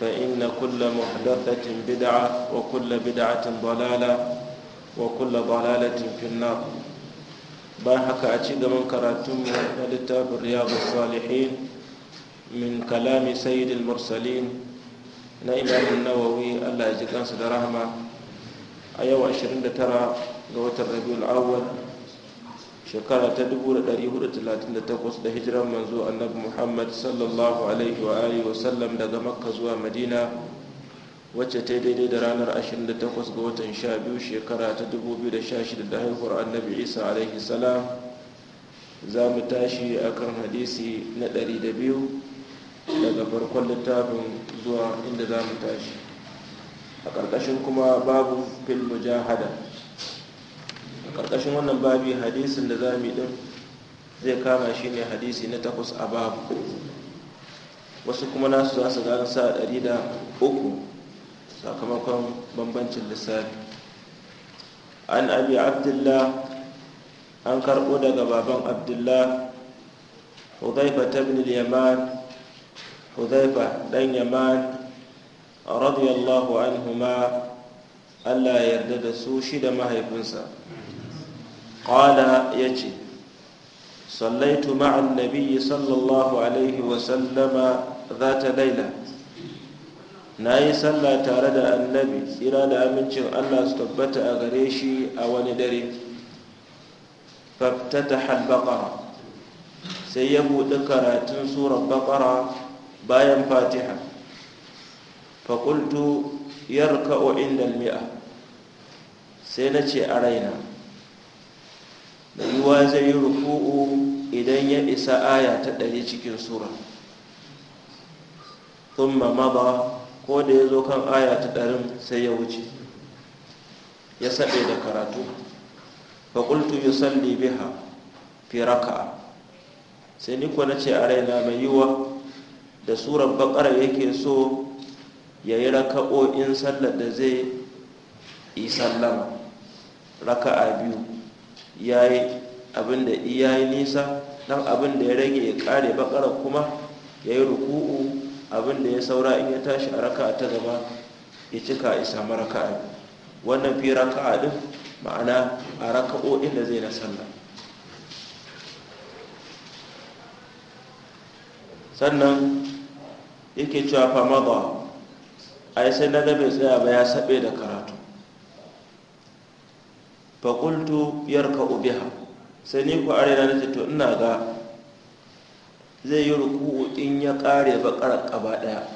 فإن كل محدثة بدعة وكل بدعة ضلالة وكل ضلالة في النار باحك أشيد من كراتم لتاب الرياض الصالحين من كلام سيد المرسلين نائما النووي الله يجزاه رحمه أيوة 29 قوة الربيع الأول shekara ta 438 da hijiran manzo annabi muhammad sallallahu alaihi wa alihi wasallam daga makka zuwa madina wacce ta daidai da ranar 28 ga watan 12 shekara ta 2016 da haihuwar annabi isa alaihi salam za mu tashi akan hadisi na 200 daga farkon littafin zuwa inda za mu tashi a ƙarƙashin kuma babu fil mujahada ƙarƙashin wannan babi hadisin da za mu din zai kama shi ne hadisi na takwas a babu wasu kuma nasu za su gano sa ɗari da uku sakamakon bambancin lissafi an abi abdullah an karɓo daga baban abdullah hudaifa tabin yaman hudaifa ɗan yaman radiyallahu ma allah ya yarda da su shi da mahaifinsa qala yace sallaitu ma'a annabi sallallahu alaihi wa sallama zata laila nayi sallah tare da annabi tsira da amincin Allah su tabbata a gare shi a wani dare faftataha al-baqara sai ya buɗe karatun surar baqara bayan fatiha faƙultu yarka'u inda al-mi'a sai na ce a raina da zai yi ruku'u idan ya isa aya ta ɗari cikin sura thumma ba, ko da ya zo kan aya ta ɗarin sai ya wuce ya saɓe da karatu faƙultu yi salli biha fi sai niko na ce a raina mai yiwuwa, da surar baƙar yake so ya yi raka'o'in sallar da zai yi sallama raka'a biyu ya yi abin da iya yi nisa don abin da ya rage ya kare bakara kuma ya yi ruku'u abin da ya saura in ya tashi a raka'a ta gaba ya cika isa maraka'a wannan fi raka'a din ma'ana a raka'o'in da zai na sallah sannan yake cewa fama ba a yi sai na gabe tsaya ba ya saɓe da kara fa qultu ubiha, sai ni ku arena nace to ina ga zai yi ruku'u in ya kare bakar kaba daya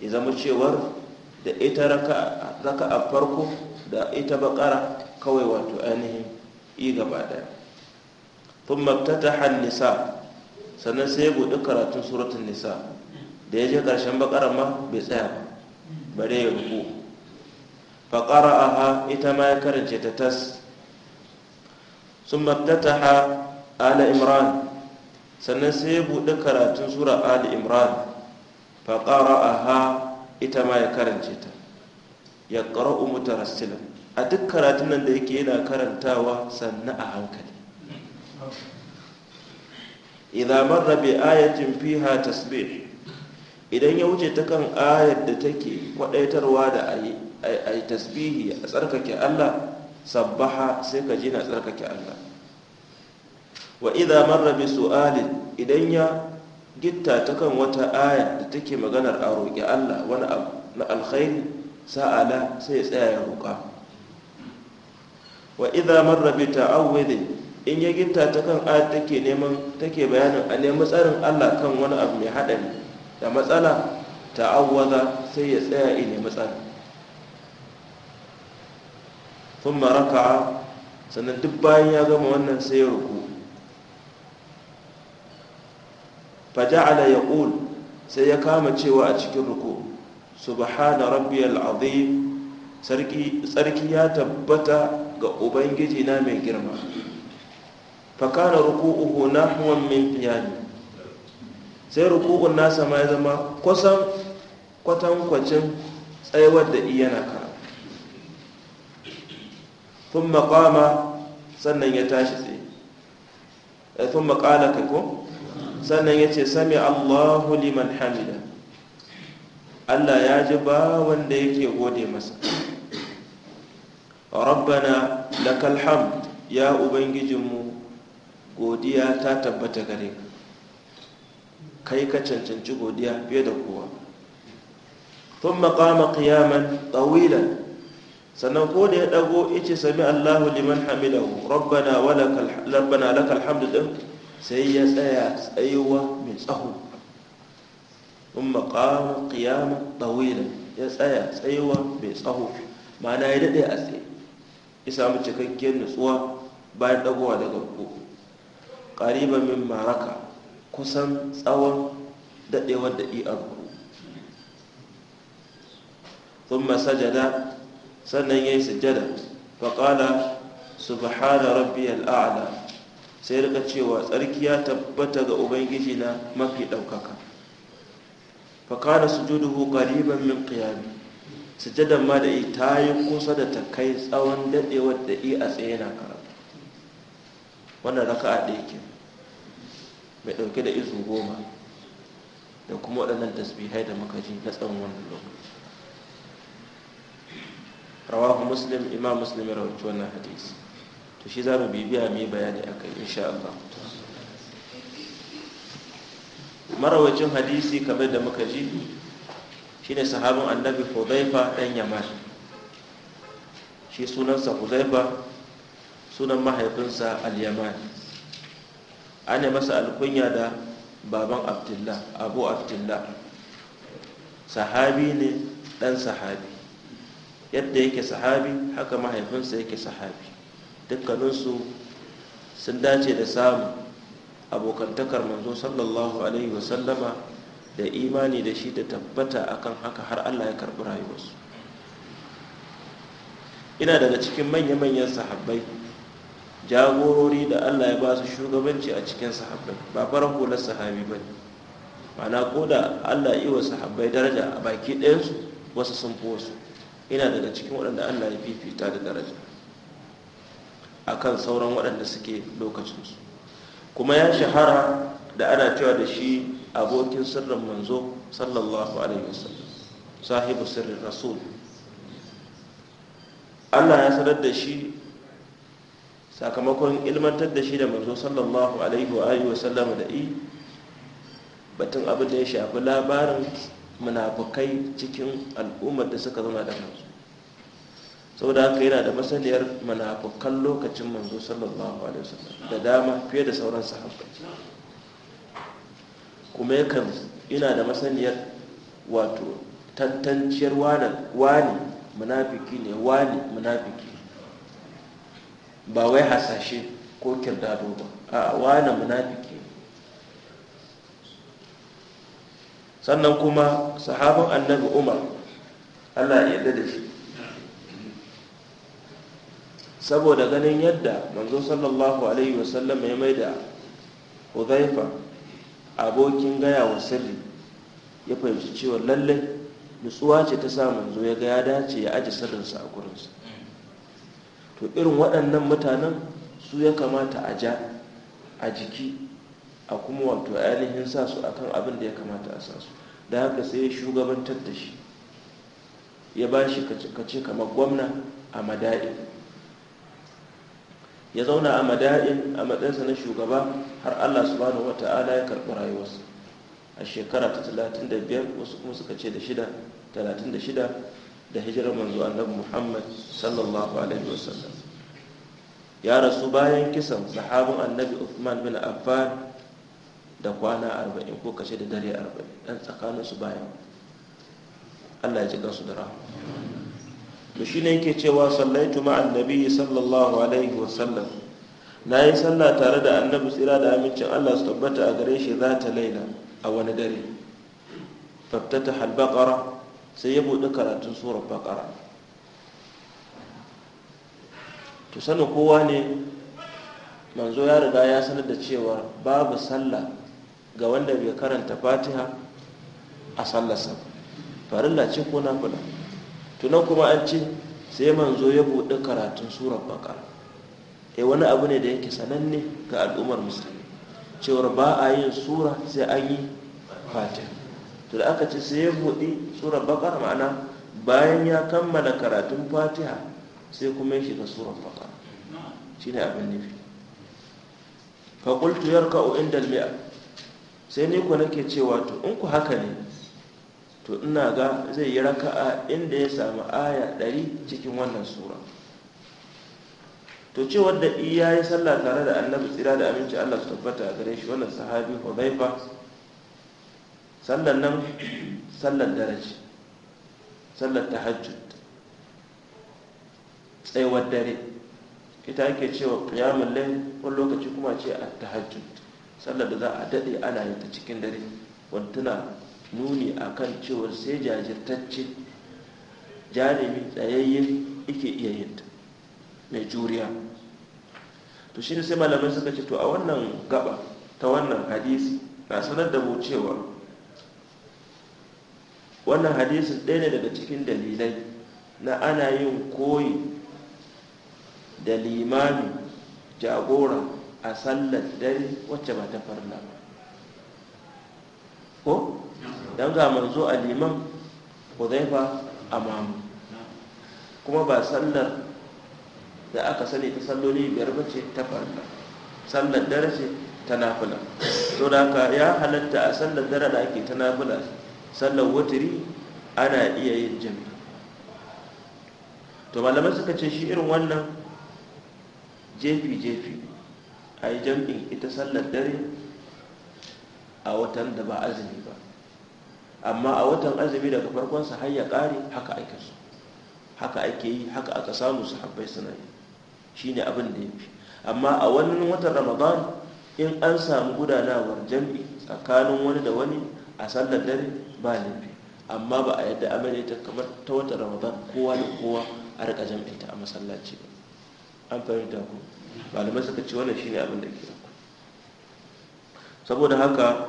ya zama cewar da ita raka a farko da ita baƙara kawai wato ainihin yi gaba daya tun maktata nisa sannan sai ya buɗi karatun suratun nisa da ya je ƙarshen bakarar ma bai tsaya ba bare ya ruku fa qara'aha ita ma ya karance ta tas summa tataha ala imran sannan sai ya buɗe karatun sura ali imran fa qara'aha ita ma ya karance ta ya qara'u mutarassilan a duk karatun nan da yake yana karantawa sannan a hankali idza marra bi ayatin fiha tasbih idan ya wuce ta kan ayar da take kwadaitarwa da ayi a yi tasbihi a tsarkake Allah sabbaha sai ka ji na tsarkake Allah wa idza marra bi su'alin idan ya gitta ta kan wata aya da take maganar a roƙi Allah wani abu na alkhairi sa'ala sai ya tsaya ya roƙa wa idza marra bi ta'awwidin in ya gitta ta kan aya take neman take bayanin a neman tsarin Allah kan wani abu mai haɗari da matsala ta'awwaza sai ya tsaya ya nemi tsarin sun maraka sannan duk bayan ya gama wannan sai ya ruku faja'ala ƙul sai ya kama cewa a cikin ruku subhana rabbiyal azim tsarki ya tabbata ga ubangiji na mai girma fakana ruku'uhu huwan min qiyam sai ruku'un nasa ma ya zama kusan kwatankwacin tsayawar da iyana naka ثم قام sannan ya tashi tsaye maƙala ka ko sannan ya ce, sami Allahu liman hamida Allah ya ji ba wanda yake gode masa rabbana lakal kalham ya ubangijinmu godiya ta tabbata gare ka kai ka cancanci godiya fiye da kowa tun maƙama kiyaman ɗawilan sannan ko da ya dago ice sami Allahu liman hamidahu rabbana laka alhamdu lakal din sai ya tsaya tsayuwa mai tsaho umma qama qiyama tawila ya tsaya tsayuwa mai tsaho ma'ana ya dade a tsaye ya samu nutsuwa bayan dagowa daga ko. qariba min maraka kusan tsawon dadewar da iya a ruku thumma sajada sannan ya yi sujjada faƙala su subhana rabbiyal a'ala sai rika cewa tsarki ya tabbata ga ubangiji na mafi faƙala su kana sujuduhu qariban min ƙiyami, sujjadan ma da ita yi kusa da ta kai tsawon dadewar da yi a tsaye na karatu wannan raka a ke mai ɗauke da izu goma da kuma waɗannan tasbihai da makaji na tsawon wannan lokaci rawahu muslim imam muslim ya rawaito wannan hadisi to shi za mu bibiya mai bayani akai insha Allah marawacin hadisi kamar da muka ji shine sahabin annabi Hudhaifa dan Yaman shi sunansa Hudhaifa sunan mahaifinsa Al-Yaman ana masa alkunya da baban Abdullah Abu Abdullah sahabi ne dan sahabi yadda yake sahabi haka mahaifinsa yake sahabi dukkaninsu sun dace da samun abokantakar manzo sallallahu alaihi wasallama da imani da shi da tabbata akan haka har allah ya karɓi rayuwarsu ina daga cikin manya-manyan sahabbai jagorori da allah ya ba su shugabanci a cikin sahabbai ba farar hular sahabi ba ne mana ko da allah iya wa sahabbai daraja a baki ɗayansu wasu sun fi wasu Ina daga cikin waɗanda allah ya fifita da daraja kan sauran waɗanda suke lokacinsu kuma ya shahara da ana cewa da shi abokin sirrin manzo sallallahu alaihi wasallam sahibu sirrin rasul allah ya sanar da shi sakamakon ilmantar da shi da manzo sallallahu alaihi wa wasallam da i batun abin da ya shafi labarin munafukai cikin al'ummar da suka zama da kansu saboda haka yana da masaniyar munafukan lokacin manzo sallallahu alaihi wasallam da dama fiye da sauran sahabbai kuma yakan ina da masaniyar wato tantanciyar wani munafiki ne wani munafiki ba wai hasashe ko kirdado ba a wani munafiki sannan kuma sahabin annabi umar allah ya yadda da shi saboda ganin yadda manzo sallallahu alaihi wasallam ya mai da huzaifa abokin gaya wa sirri ya fahimci cewa lallai nutsuwa ce ta sa manzo ya ga ya dace ya aji sirrinsa a gurinsa to irin waɗannan mutanen su ya kamata a ja a jiki a kuma wato ainihin sa su akan abin da ya kamata a sa su da haka sai ya shugabantar da shi ya ba shi kace kamar gwamna a mada'in ya zauna a mada'in a matsayinsa na shugaba har allah subhanahu wa ta'ala ya karɓi rayuwarsa a shekara ta 35 wasu kuma suka ce da shida 36 da hijirar manzo annabi muhammad sallallahu alaihi wasallam ya rasu bayan kisan sahabin annabi uthman bin affan da kwana arba'in ko kashe da dare arba'in dan tsakaninsu bayan allah ya ji kansu da rahama to shi ne yake cewa sallaitu ma'an nabiyyi sallallahu alaihi wasallam na yi sallah tare da annabi tsira da amincin allah su tabbata a gare shi za ta laila a wani dare fattata halbaƙara sai ya buɗe karatun surar baƙara to sanin kowa ne manzo ya riga ya sanar da cewa babu sallah ga wanda bai karanta fatiha a sallarsa farilla ce ko na fula tunan kuma an ce sai manzo ya buɗe karatun surar bakar e eh, wani abu ne da yake sananne ga al'ummar musulmi cewar ba a yin sura sai an yi fatiha to da aka ce sai ya buɗe surar bakar ma'ana bayan ya kammala karatun fatiha sai kuma ya shiga surar Shi ne abin nufi fa qultu yarka'u inda mia sai ni ku nake cewa to in ku haka ne to ina ga zai yi raka'a inda ya samu aya ɗari cikin wannan sura to cewar da iya yi sallah tare da annabi tsira da aminci allah su tabbata a gare shi wannan sahabi hudaifa sallan nan sallar daraji sallar tahajjud tsayuwar dare ita ake cewa qiyamul layl wani lokaci kuma ce a tahajjud sallar da za a daɗe ana yi ta cikin dare wanda tana nuni a kan cewar sai jajirtacce jarumi tsayayye ike iya yin ta mai juriya to shi ne sai malamai suka ce to a wannan gaba ta wannan hadisi na sanar da mu cewa wannan hadisin ɗaya ne daga cikin dalilai na ana yin koyi da limami jagora a sallar dare wacce ba ta farla ba ko don ga manzo a liman zai fa a mamu kuma ba sallar da aka sani ta salloli biyar ba ce ta farla sallar dare ce ta nafula to da haka ya halatta a sallar dare da ake ta nafula sallar wuturi ana iya yin jami to malamai suka ce shi irin wannan jefi-jefi a yi jam'in ita sallar dare a watan da ba azumi ba amma a watan azumi daga farkonsa har ya ƙare haka ake so haka ake yi haka aka samu su habbai suna yi shi ne abin da ya fi amma a wannan watan ramadan in an samu gudanawar jam'i tsakanin wani da wani a sallar dare ba laifi amma ba a yadda amare ta kamar ta watan ramadan kowa da kowa a jam'i jam'inta a masallaci ba an fahimta ku malamai suka ce wannan shine abin da ke saboda haka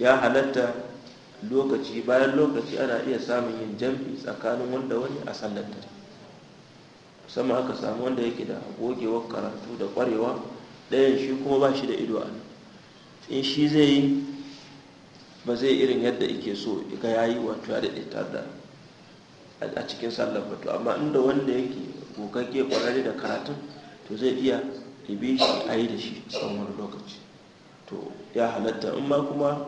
ya halatta lokaci bayan lokaci ana iya samun yin jam'i tsakanin wanda wani a sallata Sama aka samu wanda yake da gogewar karatu da kwarewa ɗayan shi kuma ba shi da ido a in shi zai yi ba zai irin yadda ike so ga yi wato ya daɗe da a cikin sallar batu. amma inda wanda yake gogagge kwararre da karatun to zai iya ibi shi a yi da shi tsawon wani lokaci to ya halatta in ma kuma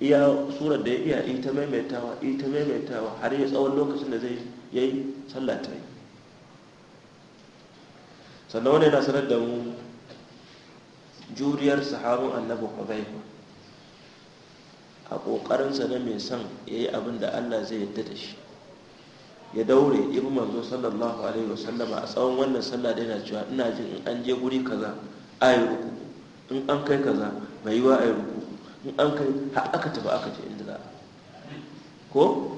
iya surar da ya iya ita maimaitawa ita maimaitawa har ya tsawon lokacin da zai yi sallah ta yi sannan wani yana sanar da mu juriyar saharun annabi hudaifa a ƙoƙarinsa na mai son ya yi abin da allah zai yadda da shi ya daure ya bi manzo sallallahu alaihi sallama a tsawon wannan sallah da yana cewa ina jin in an je guri kaza a yi ruku in an kai kaza mai yiwa a yi ruku in an kai har aka tafi aka je inda za ko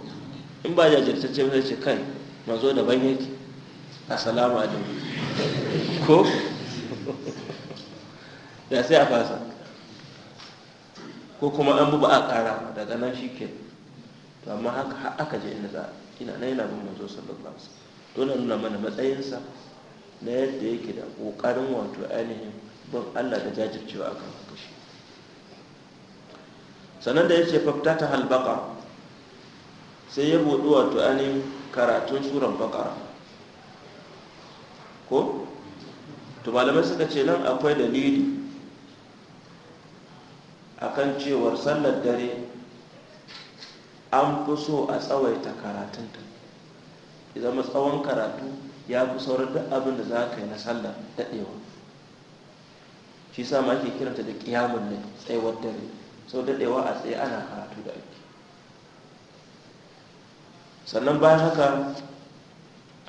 in ba jajirtacce zai ce kai manzo daban yake assalamu alaikum ko da sai a fasa ko kuma an bu ba a kara daga nan shi ke to amma haka aka je inda za a ina na yana bin manzo sallallahu alaihi wasallam don nuna mana matsayinsa na yadda yake da kokarin wato ainihin bin Allah da jajircewa akan haka shi sannan da yace faftata halbaqa sai ya buɗi wato ainihin karatun suran baqara ko to malamai suka ce nan akwai dalili akan cewar sallar dare an fi so a tsawaita karatunta zama tsawon karatu ya fi sauran duk abin da za ka yi na sallah daɗewa shi sa ma ke kiranta da ƙiyamun ne tsayuwar dare sau daɗewa a tsaye ana karatu da ake sannan bayan haka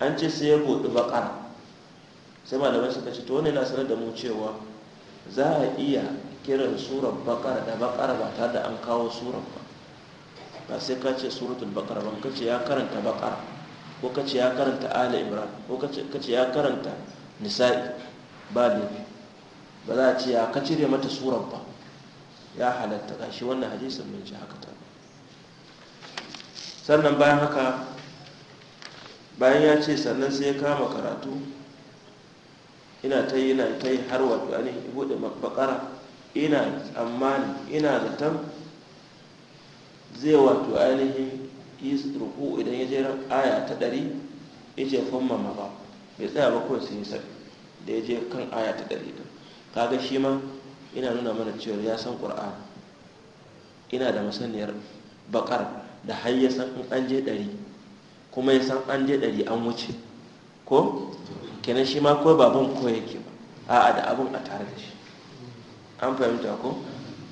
an ce sai ya buɗi baƙar sai malamai suka ce to wani na sanar da mu cewa za a iya kiran surar baƙar da baƙar ba tare da an kawo surar ba ba sai ka ce suratul bakara ba ka ce ya karanta bakara ko ka ce ya karanta ala Ibrahim ko ka ce ya karanta nisa'i ba laifi ba za a ce ya ka cire mata surar ba ya halatta shi wannan hadisin mai ji haka ta sannan bayan haka bayan ya ce sannan sai ya kama karatu ina ta yi ina ta yi har wato ainihin buɗe bakara ina tsammani ina zaton zai wato ainihin yi ruku idan ya jera aya ta ɗari ya ce ma ba bai tsaya ba kuma sun yi sa da ya je kan aya ta ɗari ɗin kaga shi ma ina nuna mana cewa ya san ƙur'ani ina da masaniyar bakar da har ya san in an je ɗari kuma ya san an je ɗari an wuce ko kenan shi ma kawai baban ko yake ba a'a da abin a tare da shi an fahimta ko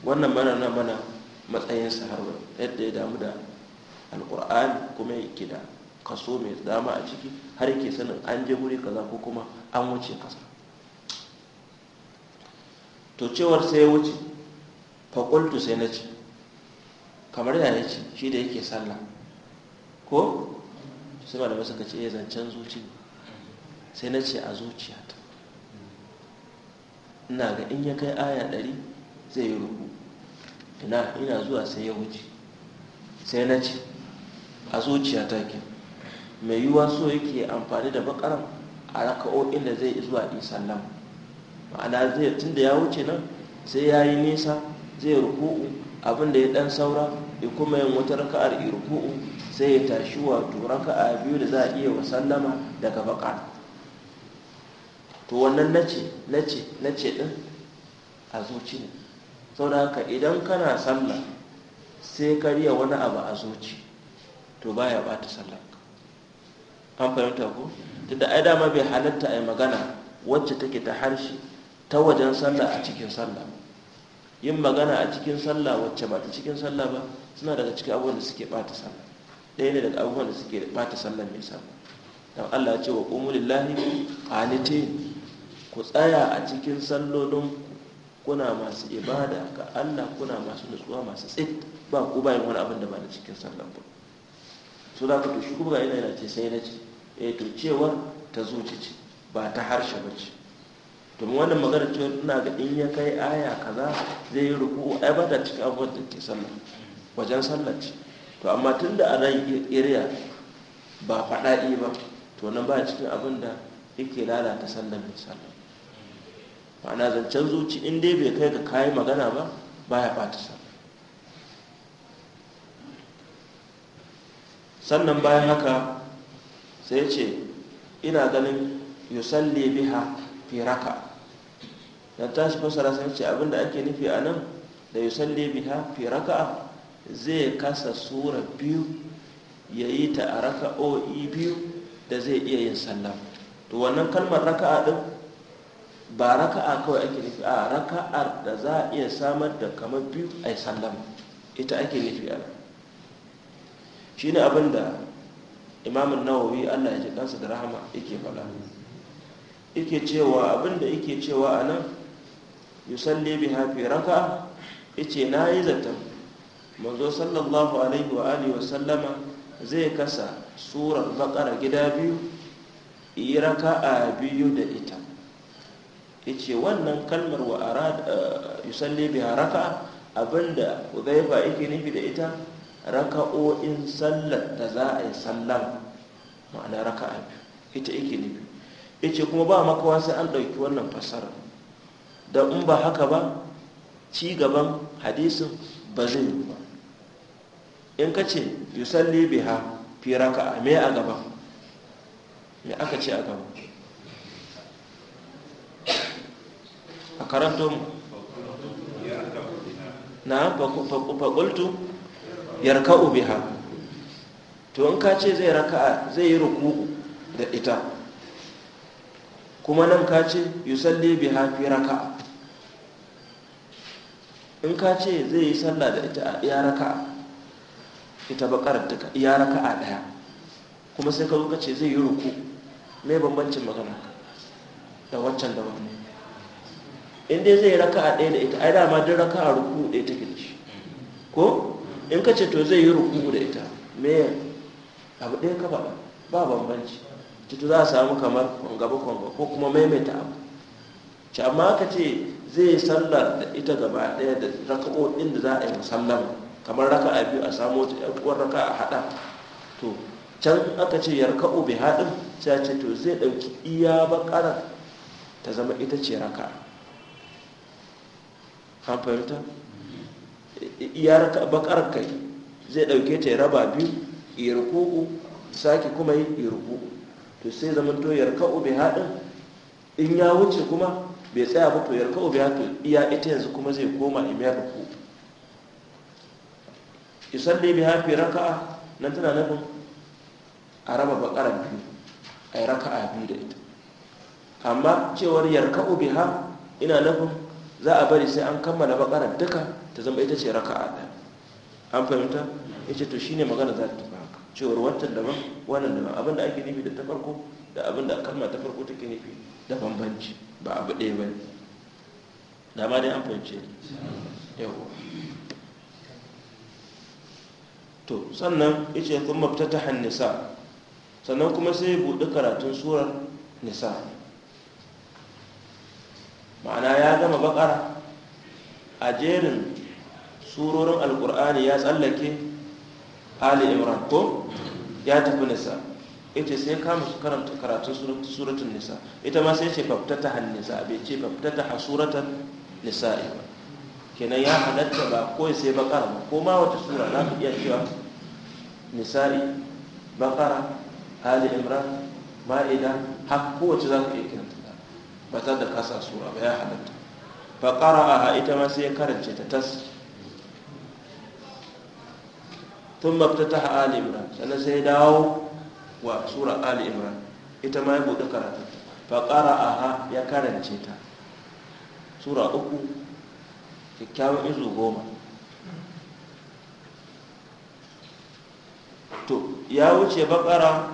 wannan mana na mana matsayinsa haruna yadda ya damu da Alƙur'ani kuma ke da kaso mai dama a ciki har yake sanin an je wuri kaza ko kuma an wuce kasa to cewar sai ya wuce fakultu sai na ce kamar da ya ce shi da yake sallah ko sai malamai suka ce ya eh, zancen zuci sai na ce a zuciya ta. ina ga in ya kai aya ɗari zai yi ruku ina ina zuwa sai ya wuce sai na ce a zuciya ta ke mai yiwuwa so yake amfani da bakaran a raka'o'in da zai zuwa isallam ma'ana zai da ya wuce nan sai ya yi nisa zai ruku'u abinda ya dan saura ya kuma yin wata raka'ar ruku'u sai ya tashi wato raka'a biyu da za a iya wasallama daga bakar to wannan nace nace nace din a zuci ne Sau da haka idan kana sallah sai kariya wani abu a zoci, to ba ya bata sallah an fahimta ko da aida dama bai halatta a yi magana wacce take ta harshe ta wajen sallah a cikin sallah yin magana a cikin sallah wacce ba ta cikin sallah ba suna daga cikin abubuwan da suke bata sallah ɗaya ne daga abubuwan da suke bata sallah mai sallah dan Allah ce wa qumu lillahi ku tsaya a cikin sallolin kuna masu ibada ga Allah kuna masu nutsuwa masu tsit ba ku bayan wani abin da ba da cikin sallan ku so za ka to shi kuma ga ina ce sai na ce eh to cewar ta zuci ce ba ta harshe ba ce to mun wannan magana cewa ina ga in ya kai aya kaza zai yi ruku ai ba ta cikin abin da ke sallar wajen sallar ce to amma tunda a ran iriya ba faɗaɗi ba to nan ba cikin abin da yake lalata sallar mai sallar. ma'ana zancen zuci in dai bai kai ka kayi magana ba baya ɓata sa sannan bayan haka sai ce ina ganin yusalli biha fi raka da tashi fasara sai ce abinda ake nufi a nan da yusalli biha fi raka zai kasa sura biyu ya yi ta a raka'o'i biyu da zai iya yin sallah to wannan kalmar raka'a din ba raka'a kawai ake nufi a raka'ar da za a iya samar da kamar biyu a yi sallama ita ake nufi a shi ne abin da imamun nawawi allah ya ce kansa da rahama yake faɗa yake cewa abin da yake cewa a nan yusalle bi hafi raka yace na yi zaton manzo sallallahu alaihi wa alihi wa sallama zai kasa surar bakara gida biyu yi raka'a biyu da ita ce wannan kalmar wa eh, yusalli biha raka'a abinda Hudhaifa yake nufi da ita raka'o'in sallar da za a yi sallan ma'ana raka'a ita yake nufi ce kuma ba makawa sai an ɗauki wannan fasara da in ba haka ba ci gaban hadisin ba zai yi ba in ka ce yusalli biya fi raka'a me a gaba me aka ce a gaba a karanto mu na faƙultu yarka'u biha to in ka ce zai raka'a zai yi ruku da ita kuma nan ka ce yusalli biha fi raka'a in ka ce zai yi sallah da ita ya iya raka'a ita bakar duka iya raka'a daya kuma sai ka zo ka ce zai yi ruku mai bambancin magana da waccan da wani in dai zai raka a ɗaya da ita ai dama duk raka a ruku ɗaya ita da shi ko in ka ce to zai yi ruku da ita me abu ɗaya ka faɗa ba bambanci tutu za a samu kamar kwangaba kwangaba ko kuma maimaita abu ci amma ka ce zai sallar da ita gaba ɗaya da raka'o'in da za a yi musallama kamar raka a biyu a samu wata uwar raka a haɗa to can aka ce yarka'u bai haɗin sai ce to zai ɗauki iya baƙarar ta zama ita ce raka'a an fahimta ya bakar kai zai dauke ta ya raba biyu ya ruku'u sake kuma yi ya ruku'u to sai zaman to ya raka'u bai haɗin in ya wuce kuma bai tsaya ba to ya raka'u bai haɗin iya ita yanzu kuma zai koma imiyar da ya bi hafi raka'a nan tana nufin a raba bakar biyu a yi raka'a biyu da ita amma cewar yarka'u biha ina nufin za a bari sai an kammala bakarar duka ta zama ita ce raka'a ɗaya an fahimta ya ce to shi ne magana za ta tafi haka cewar wancan daban wannan daban abin da ake nufi da ta farko da abin da kalma ta farko take nufi da bambanci ba abu ɗaya ba ne da ma dai an fahimce yawo to sannan yace kuma ta hannisa sannan kuma sai buɗe karatun surar nisa ma'ana ya gama bakara a jerin surorin alkur'ani ya tsallake ali imran ko ya tafi nisa ita sai kama su karanta karatun suratun nisa ita ma sai ce faftata han nisa bai ce faftata ha suratun nisa ba kenan ya halatta ba ko sai bakara ba ko ma wata sura za ka iya cewa nisa'i bakara ali imran ma'ida har kowace za ka iya kira ba ta da kasa su a ya halatta fa a ita ma sai karance ta tas tun ta ali imran sannan sai dawo wa sura ali imran ita ma ya buɗe karatu fa ha ya karance ta sura uku kyakkyawan izu goma to ya wuce bakara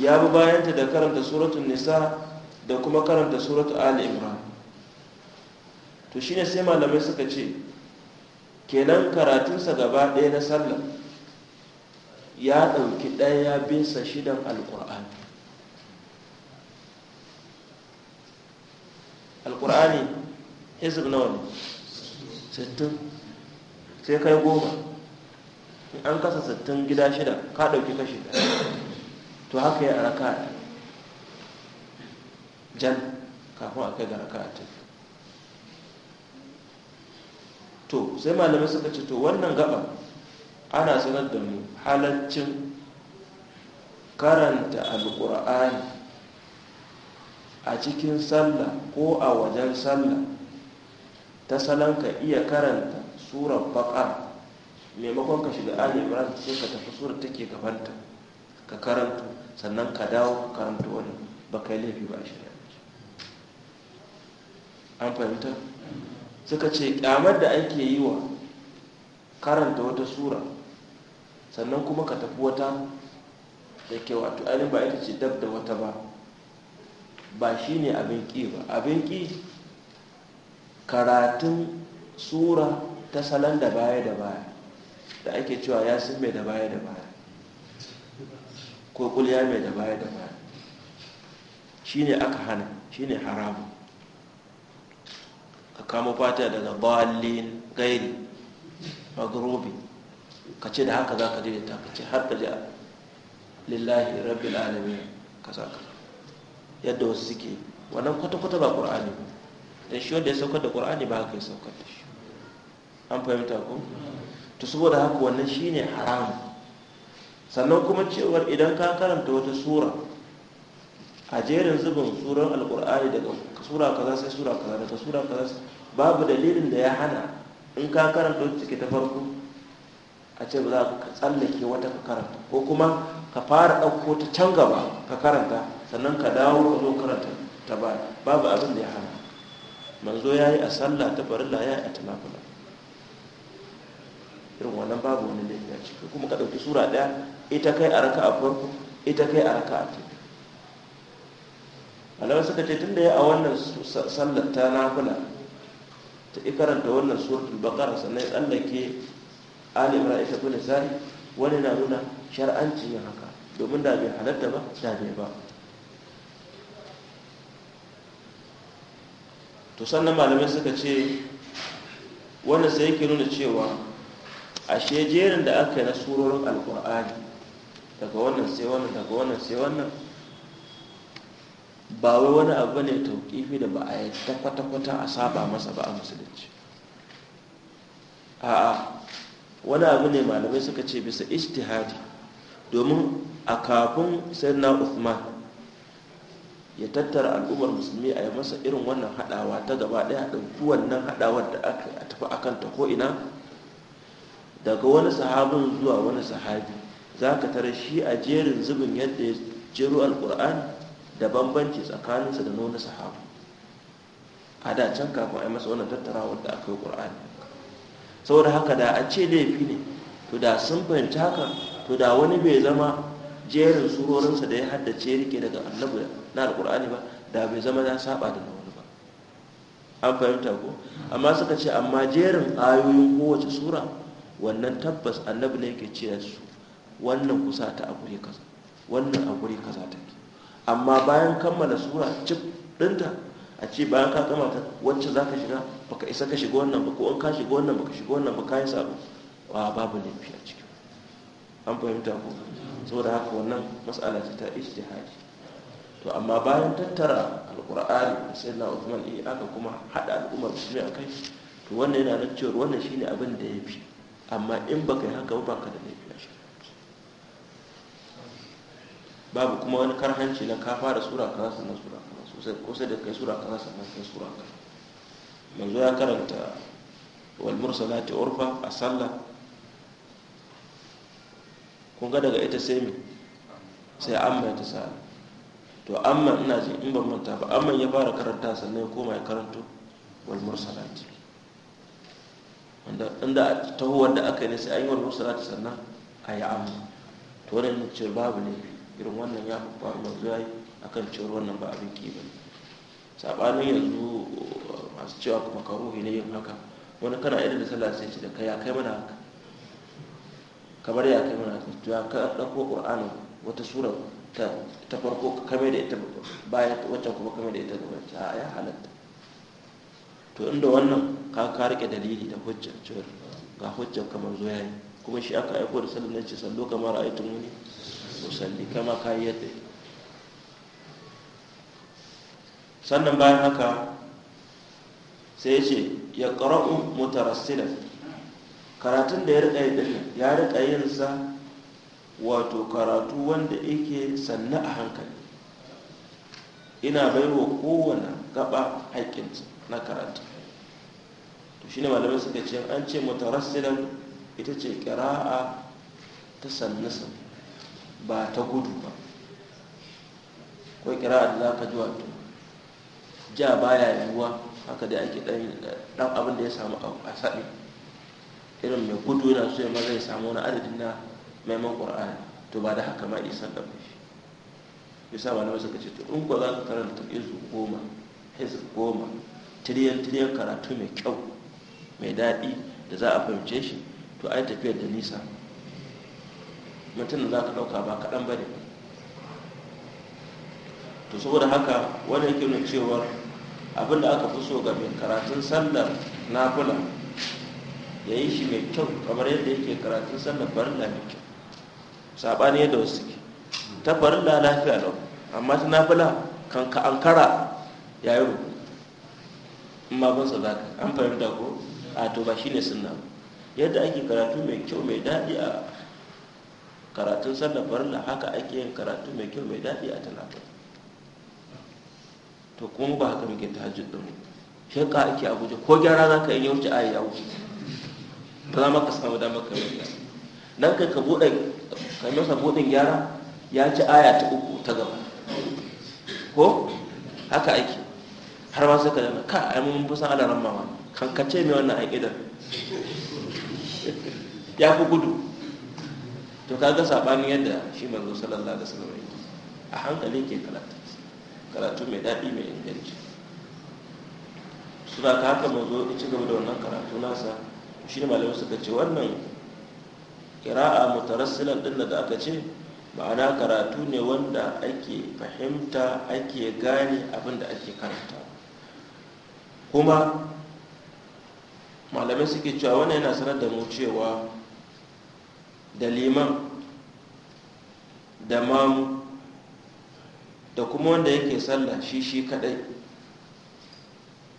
ya bi bayanta da karanta suratun nisa da kuma karanta suratu ali imran to shine sai malamai suka ce kenan karatunsa gaba ɗaya na sallah ya ɗauki ɗaya bisa shidan alƙur'ani alƙur'ani hizib nawa ne 60 sai kai goma in an kasa 60 gida shida ka ɗauki kashi to haka ya raka'a jan kafin a kai ga raka ta to sai malamai suka ce to wannan gaba ana sanar da mu halaccin karanta alkur'ani a cikin sallah ko a wajen sallah ta salon ka iya karanta surar baƙar maimakon ka shiga ali sai ka tafi surar take gabanta ka karanta sannan ka dawo karanta wani bakalifi laifi ba a shirya an fahimta suka ce kyamar da ake yi wa karanta wata sura sannan kuma ka tafi wata da ke wato ainihin ba ita ce dab da wata ba ba shi ne abin ƙi ba abin ƙi karatun sura ta salon da baya da baya da ake cewa ya sun mai da baya da baya ko kulya mai da baya da baya shi ne aka hana shi ne haramun ka kamo fata daga balin gairi magrubi ka ce da haka za ka daidaita ka ce har ka ji lillahi rabbil alamin ka ka yadda wasu suke wannan kwata-kwata ba ƙur'ani ba shi wanda ya saukar da ƙur'ani ba haka ya saukar da shi an fahimta ko to saboda haka wannan shine haram sannan kuma cewar idan ka karanta wata sura a jerin zubin tsoron alkur'ani daga sura kaza sai sura kaza daga sura kaza babu dalilin da ya hana in ka karanta wata ta farko a ce ba za ka tsallake wata ka karanta ko kuma ka fara ɗauko ta can gaba ka karanta sannan ka dawo ka zo karanta ta ba babu abin da ya hana manzo ya yi a sallah ta farilla ya yi a tunafula irin wannan babu wani laifi a ciki kuma ka ɗauki sura ɗaya ita kai a raka a farko ita kai a raka a ta malamai suka ce da ya a wannan sallar ta nafila ta ikaranta wannan suratul baqara sannan ya tsallake ali imran ita kuma sai wani na nuna shar'anci yin haka domin da bai halatta ba da bai ba to sannan malamai suka ce wannan sai yake nuna cewa ashe jerin da aka yi na surorin alkur'ani daga wannan sai wannan daga wannan sai wannan ba wai wani abu ne tauƙifi da ba a yi ta kwata a saba masa ba a musulunci a'a wani abu ne malamai suka ce bisa ijtihadi domin a kafin sayyidina Uthman ya tattara al'ummar musulmi a yi masa irin wannan hadawa ta gaba ɗaya ɗauki wannan haɗawar da aka tafi a kanta ko ina. daga wani sahabin zuwa wani sahabi za ka tara shi a jerin zubin yadda ya jero alkur'ani da bambanci tsakaninsa da nuna sahabu a da can kafin a yi masa wannan tattarawa da aka yi ƙur'ani saboda haka da a ce laifi ne to da sun fahimci haka to da wani bai zama jerin surorinsa da ya haddace rike daga annabu na alƙur'ani ba da bai zama ya saba da wani ba an fahimta ko amma suka ce amma jerin ayoyin kowace sura wannan tabbas annabu ne yake ce su wannan kusa ta a kaza wannan a guri kaza take amma bayan kammala sura cif dinta, a ce bayan ka kamata wacce za ka shiga baka isa ka shiga wannan ba ko in ka shiga wannan baka shiga wannan ba kayan sabo ba babu laifi a ciki an fahimta ko saboda haka wannan matsala ce ta ijtihadi to amma bayan tattara alqur'ani da sayyidina Uthman eh aka kuma hada al'ummar a akai to wannan yana nan cewa wannan shine abin da yafi amma in baka yi haka ba ka da laifi a ciki babu kuma wani karhanci na ka fara sura kaza sannan sura kaza sosai ko sai da kai sura kaza sannan kai sura kaza manzo ya karanta wal mursalati urfa a sallah kun ga daga ita sai me sai amma ta sa to amma ina jin in ban manta ba amma ya fara karanta sannan ya koma ya karanto wal mursalati wanda inda tahuwar da aka yi ne sai an yi wal mursalati sannan a yi amma to wannan ce babu ne irin wannan ya faru manzo ya yi kan cewar wannan ba abin ki bane sabanin yanzu uh, masu cewa kuma kawo ne yin haka wani kana irin da sallah sai ce da kai ya kai mana haka kamar ya kai mana haka ya ka dauko qur'anin wata sura ta farko kame da ita baya waccan kuma kame da ita gaba ta ya halatta to inda wannan ka ka rike dalili da hujjar cewar ga hujjar kamar zo yi kuma shi aka aiko da sallan ce sallo kamar yi tumuni usalli kama yadda. sannan bayan haka sai ce ya ƙara'u mutarassila karatun da ya riƙa ya riƙa yin sa wato karatu wanda yake sannu a hankali ina baiwa kowane gaba haƙƙinsa na karatu to shi ne malamai suka ce an ce mutarassila ita ce ƙira'a ta sannu sannu ba ta gudu ba kawai kira da za ka ji wato ja baya yiwuwa haka dai ake dan abin da ya samu a saɓi irin mai gudu yana so ya maza samu wani adadin na maimakon ƙwar'ani to ba da haka ma isan da ba shi sa ba na masu kace to in ko za ka karanta izu goma hiz goma tiriyan tiriyan karatu mai kyau mai daɗi da za a fahimce shi to ai tafiyar da nisa mutum za ka ɗauka ba kaɗan ba ne to saboda haka wani yake nuna cewar abin da aka fi so ga mai karatun sallar nafula ya yi shi mai kyau kamar yadda yake karatun sallar farilla mai kyau saɓani yadda wasu suke ta da lafiya lau amma ta nafula kan ka ankara ya yi rubu in ma ban sadaka an fahimta ko a to ba ne sunna yadda ake karatu mai kyau mai daɗi a karatun sallar farilla haka ake yin karatu mai kyau mai daɗi a talata to kuma ba haka muke tahajjud din ka ake abuja ko gyara za ka yi yauce a yi ba za maka samu maka kamar gyara nan kai ka buɗe yi masa buɗin gyara ya ci aya ta uku ta gaba ko haka ake har ma ka zama ka yi mun fi san alaran mama kankace mai wannan aƙidar ya fi gudu to kaga sabani yadda shi manzo sallallahu alaihi wasallam yake a hankali ke karatu karatu mai daɗi mai inganci suna ka haka manzo ya ci gaba da wannan karatu nasa shi ne malamai suka ce wannan kira'a mutarassilan din da aka ce ma'ana karatu ne wanda ake fahimta ake gane abin da ake karanta kuma malamai suke cewa wannan yana sanar da mu cewa da liman da mamu da kuma wanda yake sallah shi shi kadai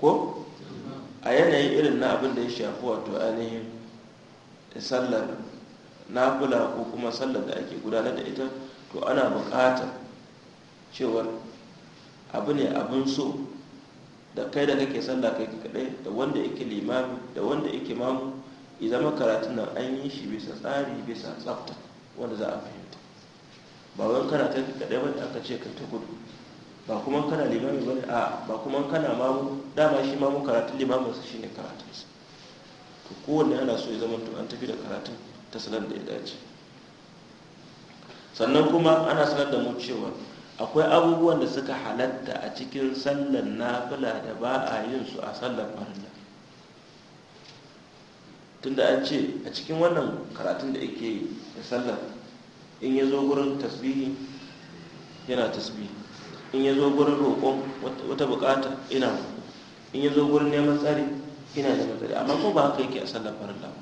ko a yanayin irin na abin da ya shafi wato ainihin sallar kula ko kuma sallar da ake gudanar da ita to ana buƙatar cewar abu ne abin so da kai da kake sallah kai kadai da wanda yake limami da wanda yake mamu ya zama karatun nan an yi shi bisa tsari bisa tsafta wanda za a fahimta ba wani karatun kaɗai ba da aka ce kan ta gudu ba kuma kana limami ba a ba kuma kana mamu dama shi mamu karatun su shi ne karatunsa to kowanne ana so ya zama to an tafi da karatun ta sanar da ya dace sannan kuma ana sanar da mu cewa akwai abubuwan da suka halatta a cikin sallar nafila da ba a yin su a sallar farilla tunda an ce a cikin wannan karatun da ake yi da sallar in ya zo gurin tasbihi yana tasbihi in ya zo gurin roƙon wata bukata ina in ya zo gurin neman tsari ina neman tsari amma ko ba haka yake a sallar farin lamu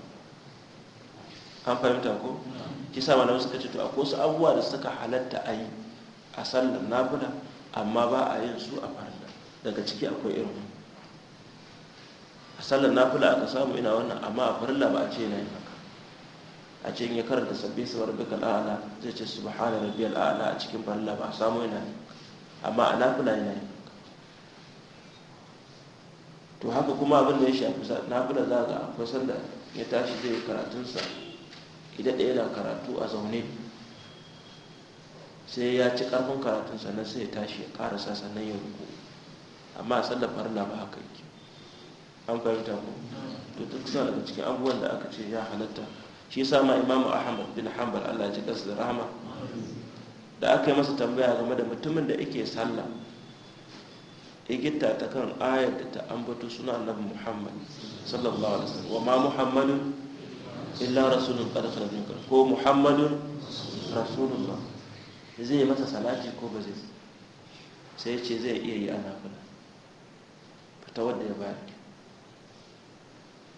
an fahimta ko sa malamai suka ce to akwai wasu abubuwa da suka halatta a yi a sallar nafila amma ba a yin su a farin daga ciki akwai irin a sallar nafila aka samu ina wannan amma a farilla ba a ce na yi haka a ce in ya karanta sabbin su rabbika al'ala zai ce subhana rabbiyal a'la a cikin farilla ba a samu ina yi amma a nafila ina yi to haka kuma abin da ya shafi nafila za ga akwai da ya tashi zai karatunsa idan ɗaya na karatu a zaune sai ya ci ƙarfin karatun sannan sai ya tashi ya ƙarasa sannan ya ruku amma a sallar farilla ba haka yi an fahimta ko to duk suna daga cikin abubuwan da aka ce ya halatta shi yasa ma imamu ahmad bin hanbal Allah ya ji kansa da rahama da aka yi masa tambaya game da mutumin da yake sallah igitta ta kan ayar da ta ambato suna annabi muhammad sallallahu alaihi wasallam wa ma muhammadun illa rasulun qad khala min ko muhammadun rasulullah zai yi masa salati ko ba zai sai ce zai iya yi ana fada fata wanda ya bayar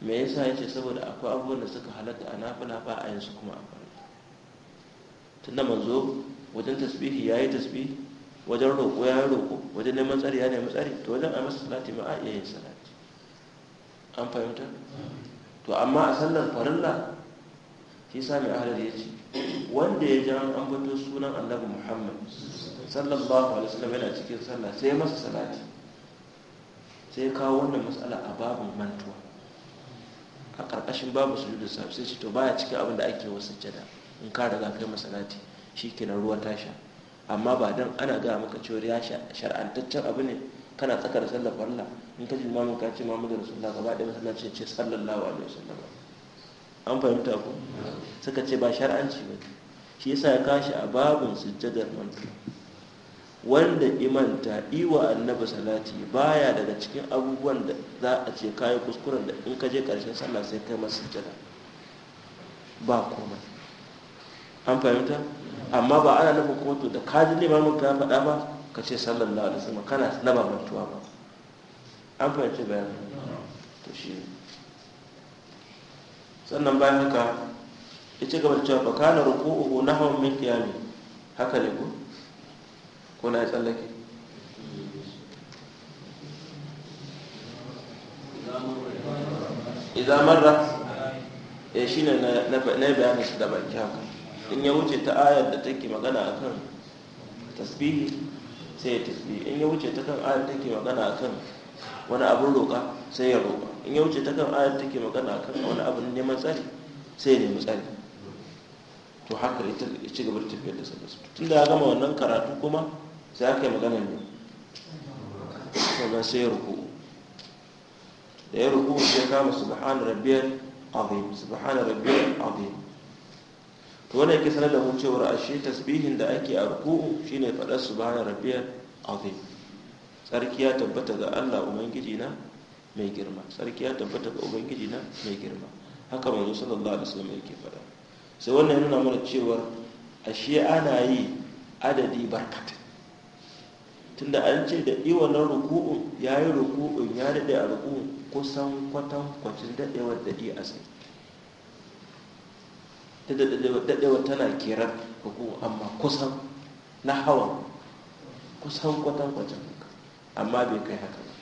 me yasa yace saboda akwai abubuwan da suka halatta a nafila ba a yansu kuma a farko tunda manzo wajen tasbihi ya yi tasbihi wajen roƙo ya roƙo wajen neman tsari ya nemi tsari to wajen a masa salati ma a iya yin salati an fahimta to amma a sallar farilla shi sami ahalar ya ce wanda ya jan an fito sunan annabi muhammad sallallahu alaihi wasallam yana cikin sallah sai masa salati sai kawo wannan matsala a babin mantuwa a karkashin babu su sa sai ce to baya cikin abin da ake wasu jada in ka riga kai masalati shikenan ruwa ta sha amma ba don ana gaya maka cewa ya shar'antaccen abu ne kana tsaka da sallar farla in ka ji mamu ka ce mamu rasulullah gaba ɗaya ce sallallahu alaihi wasallam an fahimta ku suka ce ba shar'anci ba shi yasa ya kashi a babin sujjadar mantuwa wanda imanta iwa annabi salati baya daga cikin abubuwan da za a ce kayan kuskuren da in ka je karshen sallah sai kai masu jira ba komai an fahimta amma ba ana nufin kotu da kaji limamin ka faɗa ba ka ce sallallahu alaihi wasallam kana na mantuwa ba an fahimta bayan to shi sannan bayan haka ya ci gaba da cewa ba kana ruku'uhu nahwan min qiyami haka ne ko ko na tsallake idan marra ya eh, shi ne na bayanin su da baki haka in ya wuce ta ayar da take magana a kan tasbihi sai ya tasbihi in ya wuce ta kan ayar take magana a kan wani abin roƙa sai ya roƙa in ya wuce ta kan ayar take magana a kan wani abin neman tsari sai ya nemi tsari to haka ya ci gaba da tafiyar da sabbasu tun da ya gama wannan karatu kuma sai aka yi magana ne sai ya ruku da ya ruku sai kama subhana rabbiyal azim subhana rabiyar azim to wannan yake sanar da mu cewa ashe tasbihin da ake a ruku'u shine faɗar subhana rabiyar azim sarki ya tabbata ga Allah ubangiji na mai girma sarki ya tabbata ga ubangiji na mai girma haka manzo sallallahu alaihi wasallam yake faɗa sai wannan yana mana cewa ashe ana yi adadi barkatai tunda an ce da iwa na ruku'un ya yi ruku'un ya daɗe a ruku'un kusan kwacin daɗewar daɗe a sai ta daɗewar tana kiran ruku'un amma kusan na hawa kusan kwatankwacin amma bai kai haka ba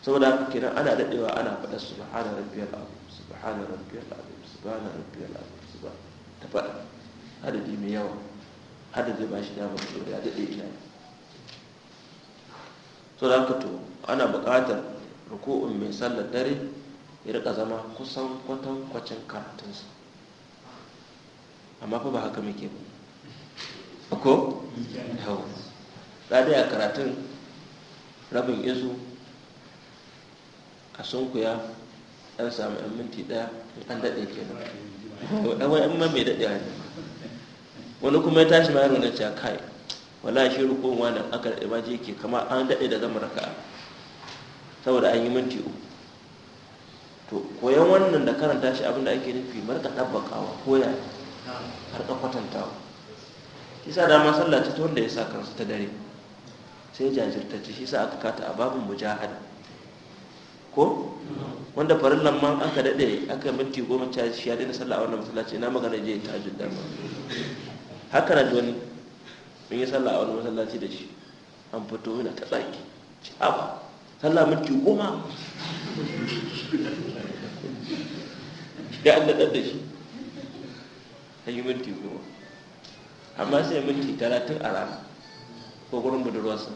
saboda haka kira ana daɗewa ana faɗa su subhana rabbiyal azim subhana rabbiyal azim rabbiyar abu su ba, ta faɗa hadadi mai yawa hadadi ba shi damar da, ya daɗe ina so da to ana buƙatar ruku'un mai sallar dare ya rika zama kusan kwatan kwacin karatunsa amma fa ba haka muke ba ko yau ɗaya karatun rabin izu a sunkuya ɗan samu 'yan minti ɗaya an daɗe nan ɗan wani mai daɗe wani kuma ya tashi ma yaro na cewa kai wala shi rukun wani aka da ma yake kama an daɗe da zama raka'a saboda an yi minti uku to koyan wannan da karanta shi abinda ake nufi marka dabbakawa koya har ka kwatantawa yasa dama sallah ta wanda ya sa kansu ta dare sai jajirtacce shi sa aka kata a babin mujahad ko wanda farillan ma aka daɗe aka minti goma ta shi ya daina sallah a wannan masallaci na magana je ta ajiyar dama haka na wani mun yi sallah a wani masallaci da shi an fito yana ta tsaki ci sallah minti goma ya an daɗar da shi an yi minti goma amma sai minti talatin a rana ko gurin budurwarsa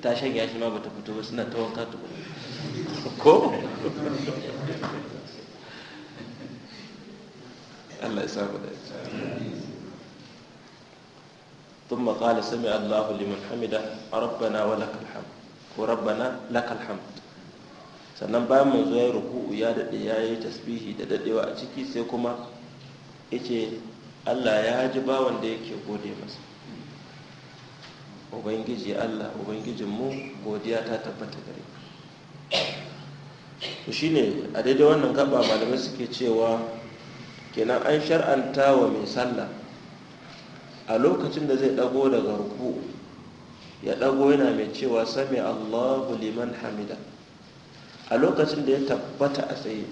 ta shanya shi ma bata fito ba suna ta wanka tukuna ko Allah ya samu da ثم قال سمع الله لمن حمده ربنا ولك الحمد وربنا لك الحمد sannan bayan zuwa ya ruku'u ya daɗe ya yi tasbihi da daɗewa a ciki sai kuma yace Allah ya ji bawan da yake gode masa ubangiji Allah ubangijinmu godiya ta tabbata gare shi ne a daidai wannan gaba malamai suke cewa kenan an shar'anta wa mai sallah a lokacin da zai ɗago daga ruku ya ɗago yana mai cewa sami allahu liman hamida a lokacin da ya tabbata a tsaye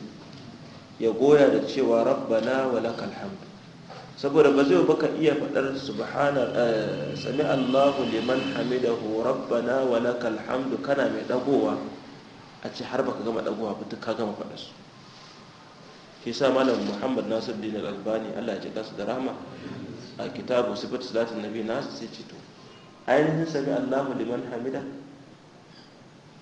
ya goya da cewa rabbana wa lakal hamdu saboda ba zai baka iya faɗar subhana eh, sami allahu liman hamidahu rabbana wa hamdu kana mai ɗagowa a ce har baka gama ɗagowa ba duk ka gama faɗa su Ke sa malam muhammad nasiruddin al-albani Allah ya ji kasu da rahama a kitabu sifat salatin nabi nasu sai ce to ainihin sami allahu liman hamida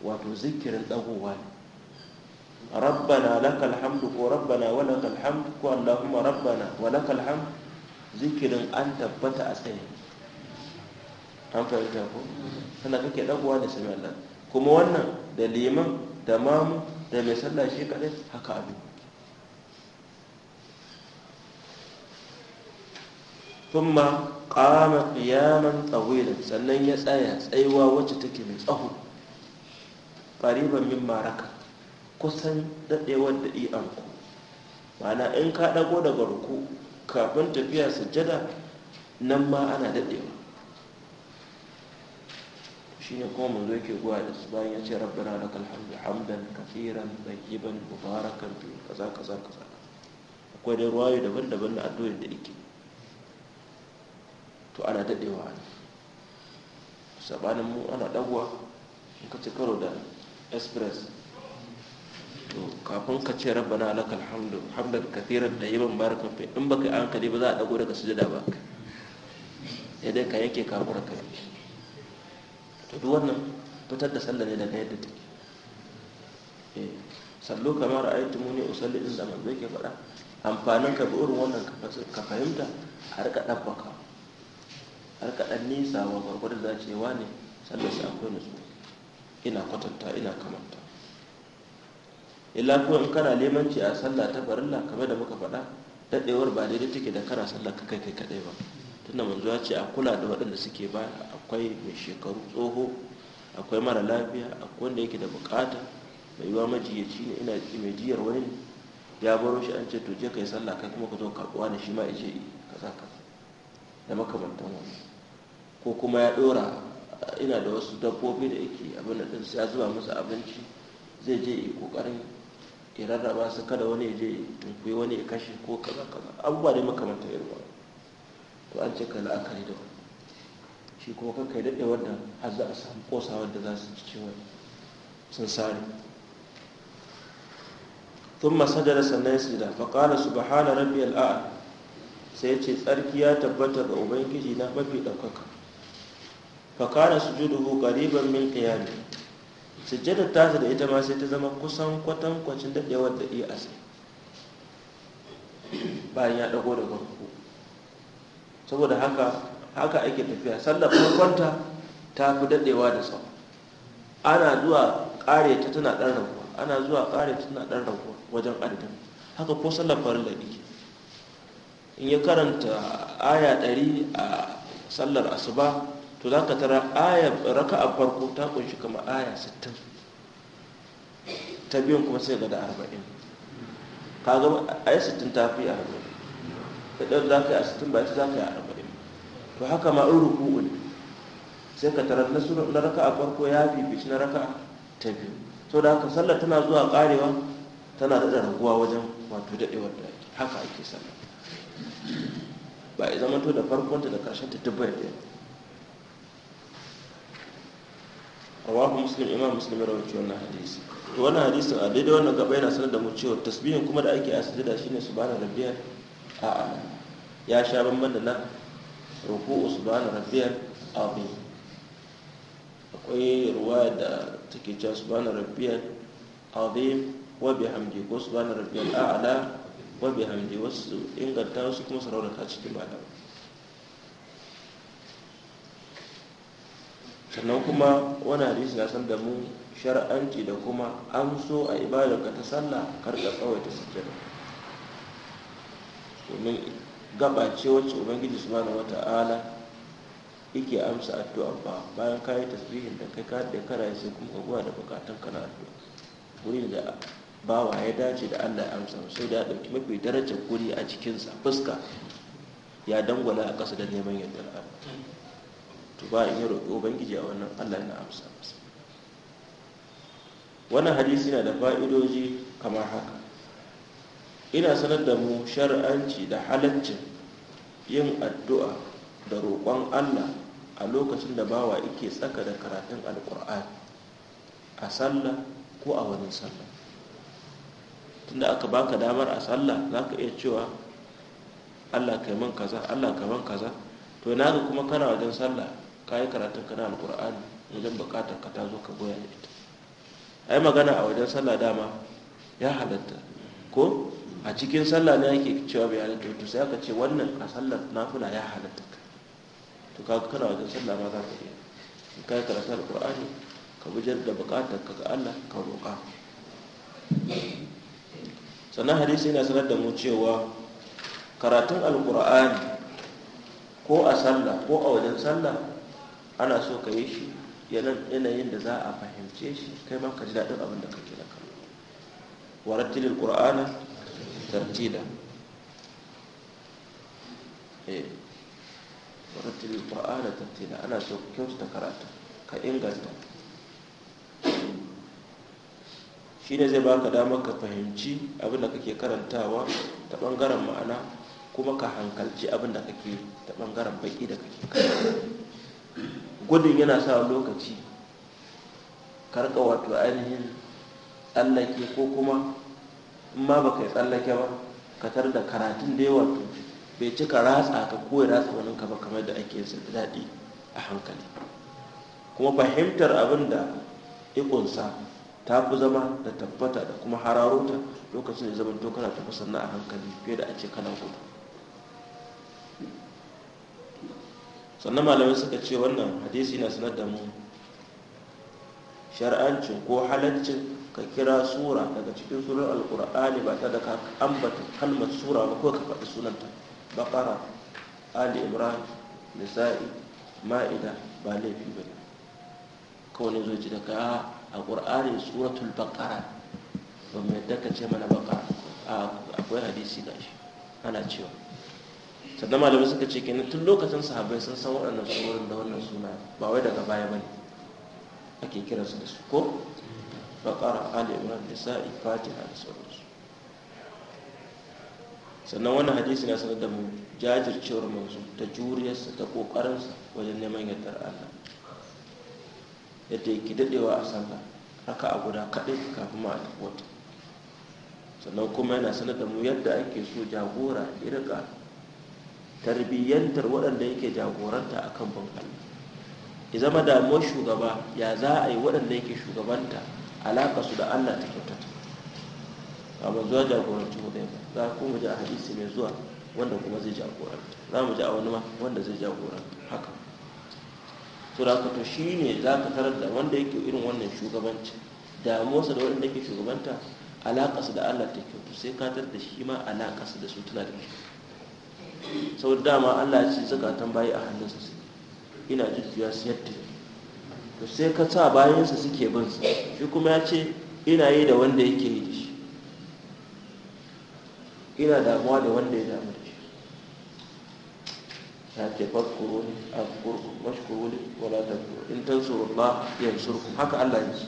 wato zikirin dagowa ne rabbana lakal hamdu ko rabbana wa lakal hamdu ko allahumma rabbana wa lakal hamdu zikirin an tabbata a tsaye an fahimta ko sannan kake dagowa da sami allah kuma wannan da liman da mamu da mai sallah shi kadai haka abin thumma qama qiyaman tsawilin sannan ya tsaya tsayuwa wacce take mai tsaho qariban min maraka kusan daɗewar da i mana in ka ɗago daga ruku kafin tafiya sujjada nan ma ana shi ne kuma zo yake guwa da su bayan ya ce na lakal hamdu hamdan kafiran Bayyiban, mubarakan fi kaza kaza kaza akwai dai ruwayo daban-daban na addu'ar da ike to ana daɗewa ne sabanin mu ana dagwa in ka ci karo da express to kafin ka ce rabba na alaƙa alhamdu ka kathiran da ban baraka fi in baka an kadi ba za a dago daga sujada ba sai dai ka yake kafin ka yi to duk wannan fitar da sallah ne da na yadda take eh, sallo kamar ayatu mu ne usalli inda manzo ke faɗa amfanin ka bi irin wannan ka fahimta a rika ɗabbaka har kaɗan nisa wa gwargwadon za ce wa ne sallarsa akwai nutsuwa ina kwatanta ina kamanta illa ko in kana lemanci a sallah ta barilla kamar da muka faɗa daɗewar ba daidai take da kana sallah ka kai kai kaɗai ba tunda manzo ya ce a kula da waɗanda suke ba akwai mai shekaru tsoho akwai mara lafiya akwai wanda yake da bukata mai yiwa majiyaci ne ina mai jiyar wani ya baro shi an ce to je yi sallah kai kuma ka zo karɓuwa da shi ma ije kaza kaza da makamantan wani ko kuma ya dora ina da wasu dabbobi da yake abin da ɗinsu ya zuba musu abinci zai je yi ƙoƙarin ya rarraba su kada wani ya je tunkuyi wani ya kashe ko kaza kaza abubuwa dai makamanta irin wani to an ce kai la'akari da wani shi ko kanka kai, daɗe wadda har za a samu ƙosa da za su ci cewa sun sare tun masajara sannan su da faƙala su bahana rabbi al'a'a sai ce tsarki ya tabbata ga ubangiji na mafi ɗaukaka fa kana mil qariban min qiyam sujjadar tasa da ita ma sai ta zama kusan kwatan kwacin dadewar da iya asai bayan ya ɗago da farko saboda haka haka ake tafiya sallar farkonta ta fi daɗewa da sau ana zuwa ƙare ta tana ɗan rabuwa ana zuwa ƙare ta tana ɗan rabuwa wajen adadin haka ko sallar farilla yake in ya karanta aya ɗari a sallar asuba to za ka tara raka a farko ta kunshi kama aya 60 ta biyun kuma sai gada 40 ka gaba yi 60 ta fi 40 da ɗan za ka yi a 60 ba ta za ka yi a 40 to haka ma in ruku'u ne sai ka tara na raka a farko ya bibici na raka ta biyu to da haka sallar tana zuwa karewa tana da raguwa wajen wato daɗewar da haka ake sallar ba a zama to da farkonta da ta duk da ɗaya rawahu muslim imam muslim ya rawaito wannan hadisi to wannan hadisin a daidai wannan gaba yana sanar da mu cewa tasbihin kuma da ake a sujada shine subhana rabbiyal a'la ya sha bamban da na ruku'u subhana rabbiyal azim akwai ruwa da take cewa subhana rabbiyal azim wa bihamdi ko subhana rabbiyal a'la wa bihamdi wasu inganta wasu kuma sarauta cikin malamai sannan kuma wani hadisi na san da mu shar'anci da kuma an so a ka ta sallah karka tsawaita sujjada domin gaba ce wacce ubangiji wata ala yake amsa addu'a ba bayan kayi tasbihin da kai kada kara sai kuma kaguwa da bukatun kana addu'a guri da bawa ya dace da Allah ya amsa sai da ya dauki mafi darajar guri a cikinsa fuska ya dangwala a ƙasa da neman yardar Allah to ba in yi roƙi ubangiji a wannan allah na amsa masa wannan hadisi na da fa'idoji kamar haka ina sanar da mu shar'anci da halaccin yin addu'a da roƙon allah a lokacin da bawa ike tsaka da karatun alƙur'ani a sallah ko a wani sallah tunda aka baka damar a sallah za ka iya cewa allah kaiman kaza allah kaiman kaza to naga kuma kana wajen sallah ka yi karatun kana alkur'ani wajen bukatar ka ta zo ka goya da ita yi magana a wajen sallah dama ya halatta ko a cikin sallah ne ake cewa bai halatta to sai aka ce wannan a sallar nafila ya halatta ka to ka kana wajen sallah ma za ka iya in ka yi karatun alkur'ani ka bujar da bukatar ka ga Allah ka roƙa sannan hadisi yana sanar da mu cewa karatun alkur'ani ko a sallah ko a wajen sallah ana so ka yi shi yanayin da za a fahimce shi kai ma ka ji daɗin abin da kake da kan warattilil ƙur'ana, tartila eh warattilil tartila ana so ka ta karatu ka inganta shi ne zai baka damar ka fahimci abin da kake karantawa ta ɓangaren ma'ana kuma ka hankalci abin da kake ta ɓangaren baƙi da kake karanta gudun yana sa lokaci karka wato ainihin tsallake ko kuma in ma baka yi tsallake ba ka tar da karatun da yawa bai cika ratsa ka ko ya ratsa wani ka ba kamar da ake yin daɗi a hankali kuma fahimtar abin da ikonsa ta fi zama da tabbata da kuma hararota lokacin da zaman to kana tafi sannan a hankali fiye da ake kana gudu sannan malamai suka ce wannan hadisi na sanar da mu shar'ancin ko halaccin ka kira sura daga cikin surar alkur'ani ba ta da ka ambata kalmar sura ba ko ka faɗi sunanta bakara ali ibrahim nisa'i ma'ida ba laifi ba ne kawai zo ji daga a ƙur'ani suratul bakara ba mai daga ce mana bakara akwai hadisi gashi ana cewa sannan malamai suka ce kenan tun lokacin sahabbai sun san waɗannan tsohon da wannan suna ba wai daga baya ba bane ake kiransu da su ko baqara ali imran ifati a da sauransu sannan wannan hadisi na sanar da mu jajircewar manzo ta juriyarsa ta ƙoƙarinsa wajen neman yadda Allah yadda yake dadewa a sallah raka a guda kaɗai kafin ma a tafi wata sannan kuma yana sanar da mu yadda ake so jagora ya rika tarbiyyantar waɗanda yake jagoranta a kan bankan ya zama damuwar shugaba ya za a yi waɗanda yake shugabanta alaƙa su da Allah ta kyautata a zuwa jagoranci hudai ba za mu ji a hadisi mai zuwa wanda kuma zai jagoranta za mu ji a wani ma wanda zai jagoranta haka su da to shi ne za ka tarar da wanda yake irin wannan shugabanci damuwarsa da waɗanda yake shugabanta alaƙa su da Allah ta kyautu sai ka tarar da shi ma alaƙa su da su tana da kyau sau da dama allah ya ce zakatan bayi a hannunsa su ina jujjuya su yadda to sai ka sa bayansa suke bin su shi kuma ya ce ina yi da wanda yake yi da shi ina damuwa da wanda ya damu da shi ta ke fakuru ne a mashkuru ne wala ta ba tansurullah yansurku haka allah ya ce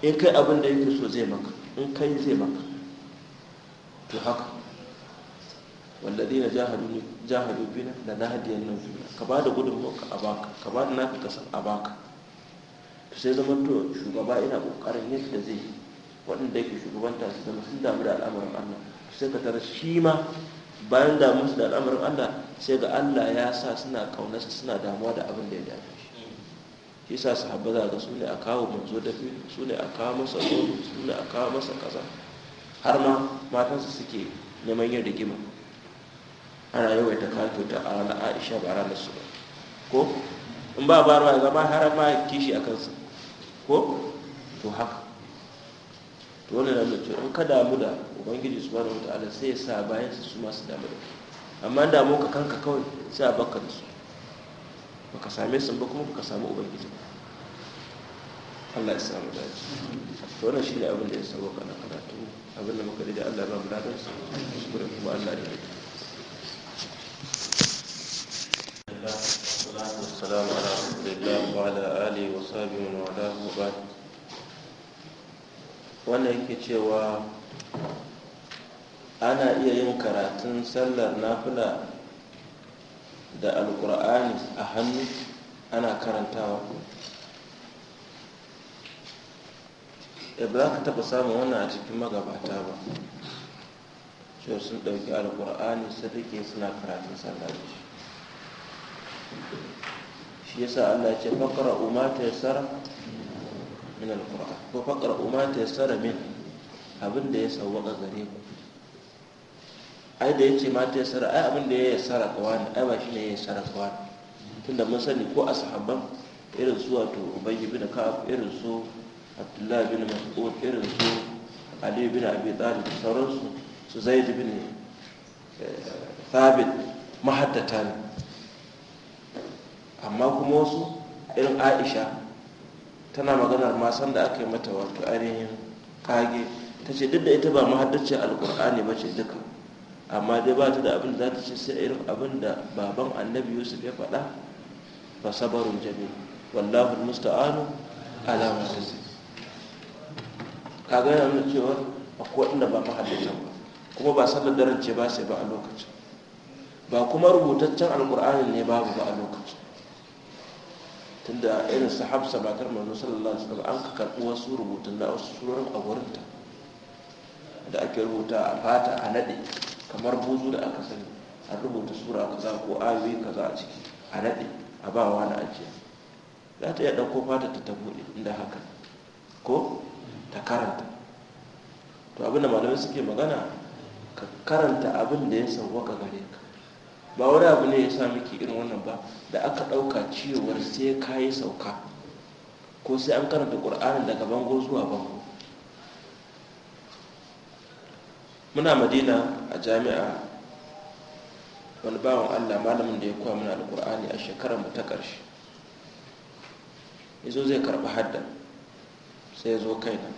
in kai abin da yake so zai maka in kai zai maka to haka walladina na jahadu bina da na nahdiyan nan ka ba da gudun gudunmu a baka. ka ba da naka ka a baka. to sai zaman to shugaba ina kokarin yadda zai waɗanda yake shugabanta su zama sun damu da al'amuran Allah sai ka tara shi ma bayan damu su da al'amuran Allah sai ga Allah ya sa suna kaunarsa suna damuwa da abin da ya dame shi shi sa sahabba za ga su ne a kawo manzo dafi, fi su ne a kawo masa goro su ne a kawo masa kaza har ma matansa suke neman yin rigima ana yawaita ta a ranar aisha ba ranar su ba ko in ba ba ruwa zama haram ma kishi a kansa ko to haka to wani na mace in ka damu da ubangiji su bada wata ala sai ya sa bayan su su masu damu da amma damu ka kanka kawai sai a baka da su baka same su ba kuma baka samu ubangiji Allah ya samu dace to wannan shine abin da ya sabo kana karatu abin da muka da Allah ba mu ladan su kuma Allah ya الله والصلاة والسلام cewa ana iya yin karatun sallar nafila da alkur'ani a hannu ana karanta karantawa eh, ba za ka taɓa samun wannan a cikin magabata ba cewa sun ɗauki alkur'ani sadake suna karatun sallar shi shi yasa Allah ya ce faqra umma tayassara min alquran ko faqra umma tayassara min abin da ya sauka gare ku ai da yace ma tayassara ai abin da ya yassara kawani ai ba shi ne ya yassara kawani tunda mun sani ko ashabban irin su wato ubayy bin ka'ab irin su abdullahi bin mas'ud irin su ali bin abi talib sauransu su zaid bin eh, thabit mahaddata amma kuma wasu irin aisha tana maganar masan da aka yi mata wato ainihin kage ta ce duk da ita ba mahaddacin alkur'ani ba ce duka amma dai ba ta da abin da za ta ce sai irin abin da baban annabi yusuf ya faɗa ba sabarun jami wallahu musta'anu ala ma kaga yana nuna cewa akwai da ba mahaddacin ba kuma ba sallar daren ce ba sai ba a lokacin ba kuma rubutaccen alkur'ani ne babu ba a lokacin tunda irin su hafsa matar manzo sallallahu alaihi wasallam an ka karɓi wasu rubutun na wasu surorin a wurinta da ake rubuta a fata a nade kamar buzu da aka sani an rubuta sura kaza ko ayoyi kaza a ciki a nade, a ba wa na ajiya za ta iya ɗauko fata ta buɗe inda haka ko ta karanta to abin da malamai suke magana ka karanta abin da ya sauwaka gare ka ba wani abu ne ya sa miki irin wannan ba da aka ɗauka ciyowar sai ka yi sauka ko sai an karanta ƙur'anin daga bango zuwa bango muna madina a jami'a wani bawan allah malamin da ya muna da alƙur'ani a shekarar mu ta ƙarshe ya zai karɓi hadda sai ya zo kaina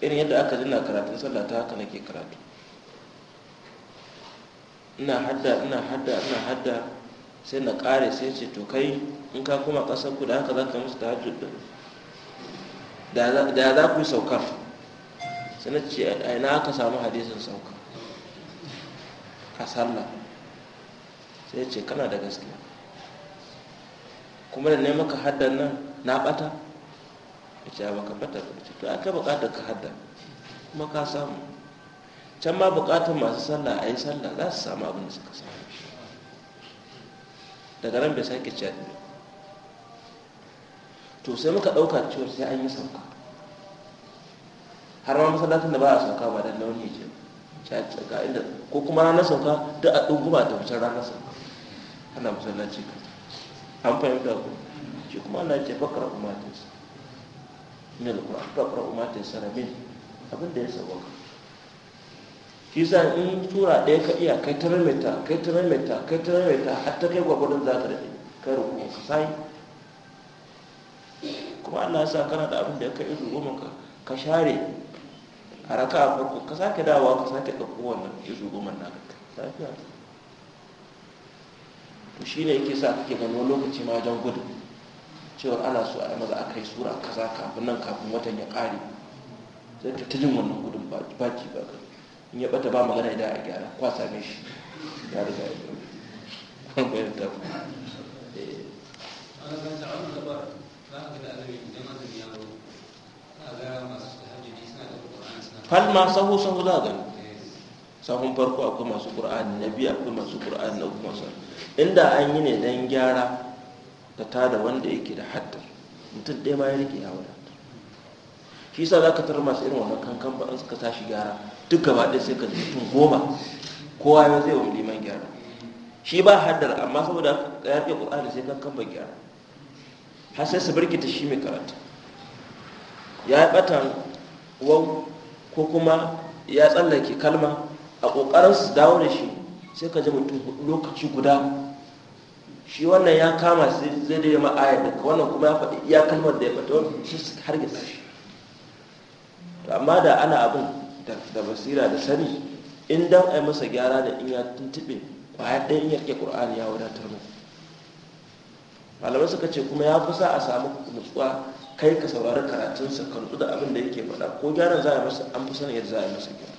irin yadda aka jina karatun sallah ta haka nake karatu ina hadda ina hadda ina hadda sai na kare sai ce to kai in ka kuma kasar ku da haka za ka musu ta din da za ku yi saukar sai na ce a ina aka samu hadisin saukar. ka sallah sai ce kana da gaskiya kuma da ne maka hada nan na bata ya ce ba ka bata ba ce to aka bukata ka hadda kuma ka samu can ma bukatun masu sallah a yi sallah za su samu abin da suka samu daga nan bai sake ciyar to sai muka ɗauka cewar sai an yi sauka har ma masallacin da ba a sauka ba da launi ce tsaka inda ko kuma ranar sauka duk a ɗunguma da wucin ranar sauka ana masallaci ka an fahimta ku ce kuma ana ce bakar umatis min da kuma bakar umatis saramin abin da ya sauka shi sa in tura ɗaya ka iya kai taramita kai taramita kai taramita har ta kai gwagwarin za ka daɗe kai rukun ka sai kuma allah sa kana da abin da ya kai izu goma ka ka share a raka a farko ka sake dawa ka sake ka wannan izu goma na ka lafiya to shi ne yake sa kake gano lokaci ma jan gudu cewar ana so a yi maza a kai sura kaza kafin nan kafin watan ya ƙare sai ta jin wannan gudun baki ba ka in ya bata ba magana idan a gyara kwa same shi ya riga ya kwan bayan ta falma sahu sahu za gani eh. sahun farko akwai masu ƙur'ani na biyu akwai masu ƙur'ani na uku masu inda an yi ne don gyara da ta da wanda yake da haddar mutum ɗaya ma ya rike ya wadatar shi sa za ka tarar masu irin wannan kankan ba an suka tashi gyara duk gaba ɗaya sai ka ji mutum goma kowa ya zai wa liman gyara shi ba haddara, amma saboda ya rike ƙur'ani sai ka kan ba gyara har sai su birkita shi mai karatu ya yi ɓatan wau ko kuma ya tsallake kalma a ƙoƙarin su dawo da shi sai ka ji mutum lokaci guda shi wannan ya kama zai da yamma aya da wannan kuma ya faɗi iya kalmar da ya fata wani shi har gisa shi amma da ana abin da basira da sani in dan yi masa gyara da in ya tuntube kwaya ɗaya in ya rike ƙur'ani ya wadatar mu malamai suka ce kuma ya fi sa a samu nutsuwa kai ka saurari karatunsa ka nutsu da abin da yake faɗa ko gyaran za a masa an fi sanin yadda za a yi masa gyara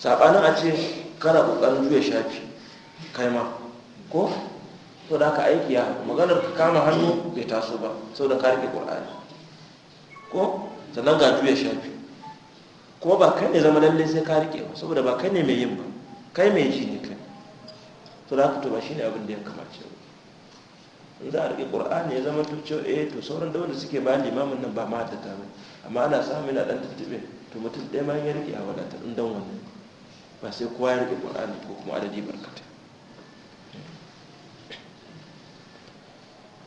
saɓanin a ce kana ƙoƙarin juya shafi kai ma ko to da ka aiki ya maganar ka kama hannu bai taso ba sau da ka rike ƙur'ani ko sannan ga juya shafi kuma ba kai ne zama lalle sai ka rike ba saboda ba kai ne mai yin ba kai mai ji ne kai to za ka to ba shi ne abin da ya kamace ba in za a rike ƙur'ani ya zama tuce eh to sauran da wanda suke ba limamin nan ba ma da ta amma ana samu yana ɗan tuntube to mutum ɗaya ma ya rike a wadata in dan wannan ba sai kowa ya rike ƙur'ani ko kuma adadi barkatai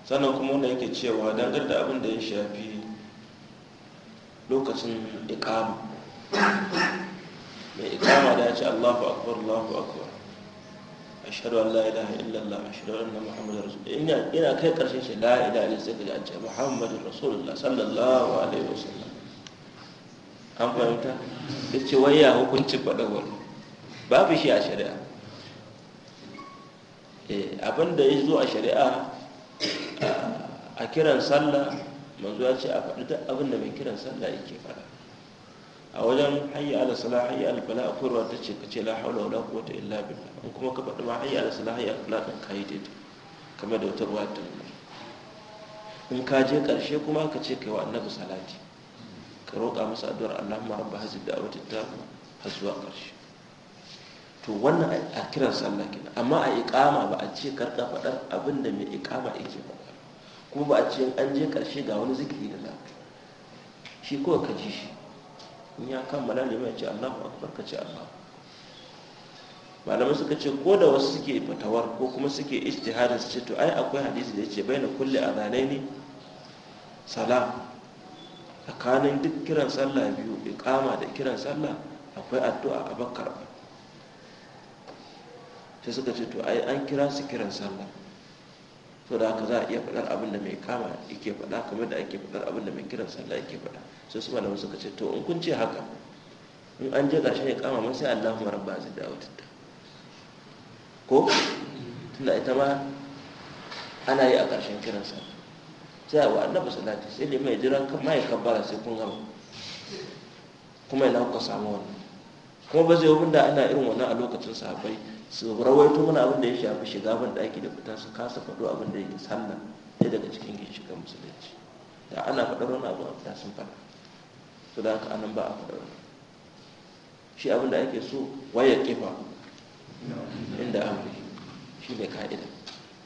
sannan kuma wanda yake cewa dangar da abin da ya shafi lokacin ikama mai ikama da ya ce allahu akwai allahu akbar ashhadu an la ilaha illallah ashhadu anna muhammadar rasulullah ina kai karshen shi la ilaha zai sai ka ce muhammadin rasulullah sallallahu alaihi wasallam an fahimta ya ce wai ya hukuncin faɗa wani babu shi a shari'a eh, abinda ya zo a shari'a a kiran sallah manzo ya ce a faɗi duk abinda da mai kiran sallah yake faɗa a wajen hayya ala sala hayya ala bala akwai ta ce ka ce la haula wala quwwata illa billah in kuma ka faɗi ma hayya ala sala hayya ala bala din daidai kamar da wata ruwa ta in ka je ƙarshe kuma ka ce kai wa annabi salati ka roƙa masa addu'ar Allahumma rabba hazid da'wati ta har zuwa ƙarshe to wannan a kiran sallah kenan amma a iqama ba a ce karka faɗar abin da mai iqama yake faɗa kuma ba a ce an je ƙarshe ga wani zikiri da lafiya shi kawai ka ji shi in ya kammala ne ya ce Allahu akbar ka ce Allah malamai suka ce ko da wasu suke fatawar ko kuma suke ijtihadin su ce to ai akwai hadisi da yace a kulli ne salam tsakanin duk kiran sallah biyu ikama da kiran sallah akwai addu'a a bakkar sai suka ce to ai an kira su kiran sallah to da haka za a iya faɗar abin da mai kama yake faɗa kamar da ake faɗar abin da mai kiran sallah yake faɗa sai su malamu suka ce to in kun ce haka in an je gashi ya kama mun sai Allahumma rabba zai dawo tunda ko tunda ita ma ana yi a ƙarshen kiran sallah sai a wa annabi salati sai ne mai jira kan mai kabbara sai kun gama kuma ina kuka samu wannan kuma ba zai yi da ana irin wannan a lokacin sahabbai su rawaito mana abin da ya shafi shiga ban daki da fita su kasa faɗo abin da yake sallah ɗaya daga cikin ginshiƙan musulunci da ana faɗar wani abu a sun faɗa su da aka anan ba a faɗar wani shi abin da ake so waya kifa inda fi shi ne ka'ida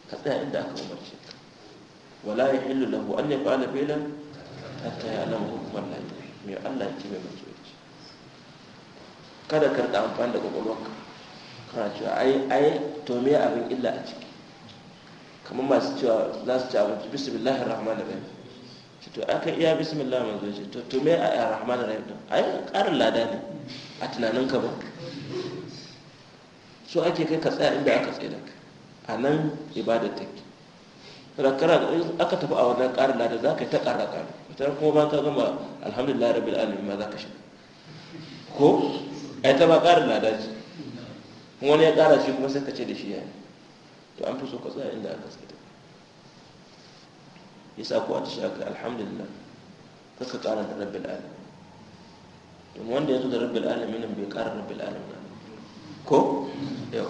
ka tsaya inda aka umarci ka wala ya hillu lahu an ya fa'ala filan hatta ya alama hukumar lafiya mai allah ya ce mai mutuwa kada ka rika amfani da kwakwalwarka kana cewa ai ai to me abin illa a ciki kamar masu cewa za su ci abinci bismillahir rahmanir rahim ce to aka iya bismillah mai ce to to me a rahmanir rahim din ai karin lada ne a tunanin ka ba so ake kai ka tsaya inda aka tsaye da ka a nan ibadar take rakara aka tafi a wannan karin lada za ka yi ta ƙara ƙara ta kuma ba ka gama alhamdulillah rabbil alamin ma za ka shiga ko ai ta ba karin lada ce wani ya ƙara shi kuma sai ka ce da shi ya yi to an fi so ka tsaya inda aka tsaya ya sa ko a tashi aka alhamdulillah kaka ƙara da rabbil alamin to wanda ya zo da rabbil alamin bai ƙara rabbil alamin ko yau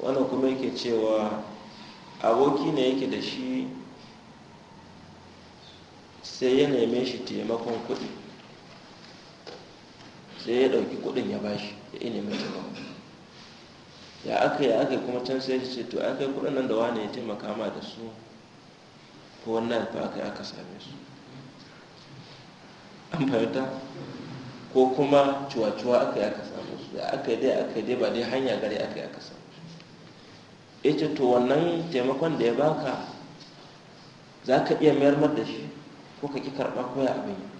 wannan kuma yake cewa aboki ne yake da shi sai ya neme shi taimakon kuɗi sai ya ɗauki kuɗin ya bashi da ilimin taimako ya aka ya aka kuma can sai ce to aka yi kudin nan da wani ya taimaka ma da su ko wannan fa aka aka same su an fahimta ko kuma cuwa-cuwa aka yi aka same su ya aka yi dai aka yi dai ba dai hanya gare aka yi aka same su ya ce to wannan taimakon da ya baka za ka iya mayar da shi ko ka ki karɓa koya abin yi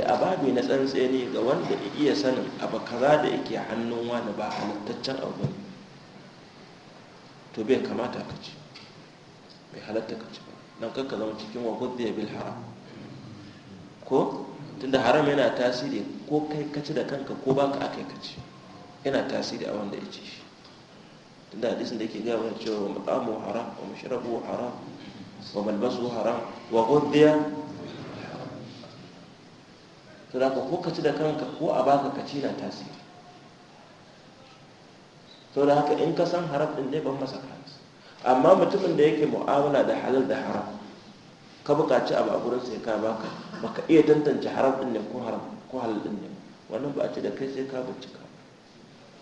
sai a babi na tsantseni ga wanda iya sanin abu kaza da yake hannun wani ba halittaccen abu ne to bai kamata ka ci bai halatta ka ci ba don kanka zama cikin wa ya bil haram ko tunda haram yana tasiri ko kai kaci da kanka ko ba ka aka kaci yana tasiri a wanda ya ci shi tunda hadisin da yake gaya mana cewa matsamu haram wa mashirabu haram wa malbasu haram wa gudde su da ko ka ci da kanka ko a baka ka ci na tasiri to da haka in ka san haram din dai ban masa kansa amma mutumin da yake mu'amala da halal da haram ka buƙaci abu a gurin sai ka baka baka iya tantance haram din ne ko haram ko halal din ne wannan ba a ci da kai sai ka bincika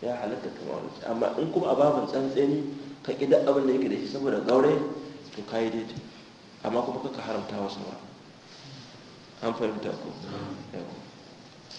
ya halatta kuma wani amma in kuma a babin tsantseni ka ƙi abin da yake da shi saboda gaure to ka yi daidai amma kuma ka haramta wasu ba an fahimta ko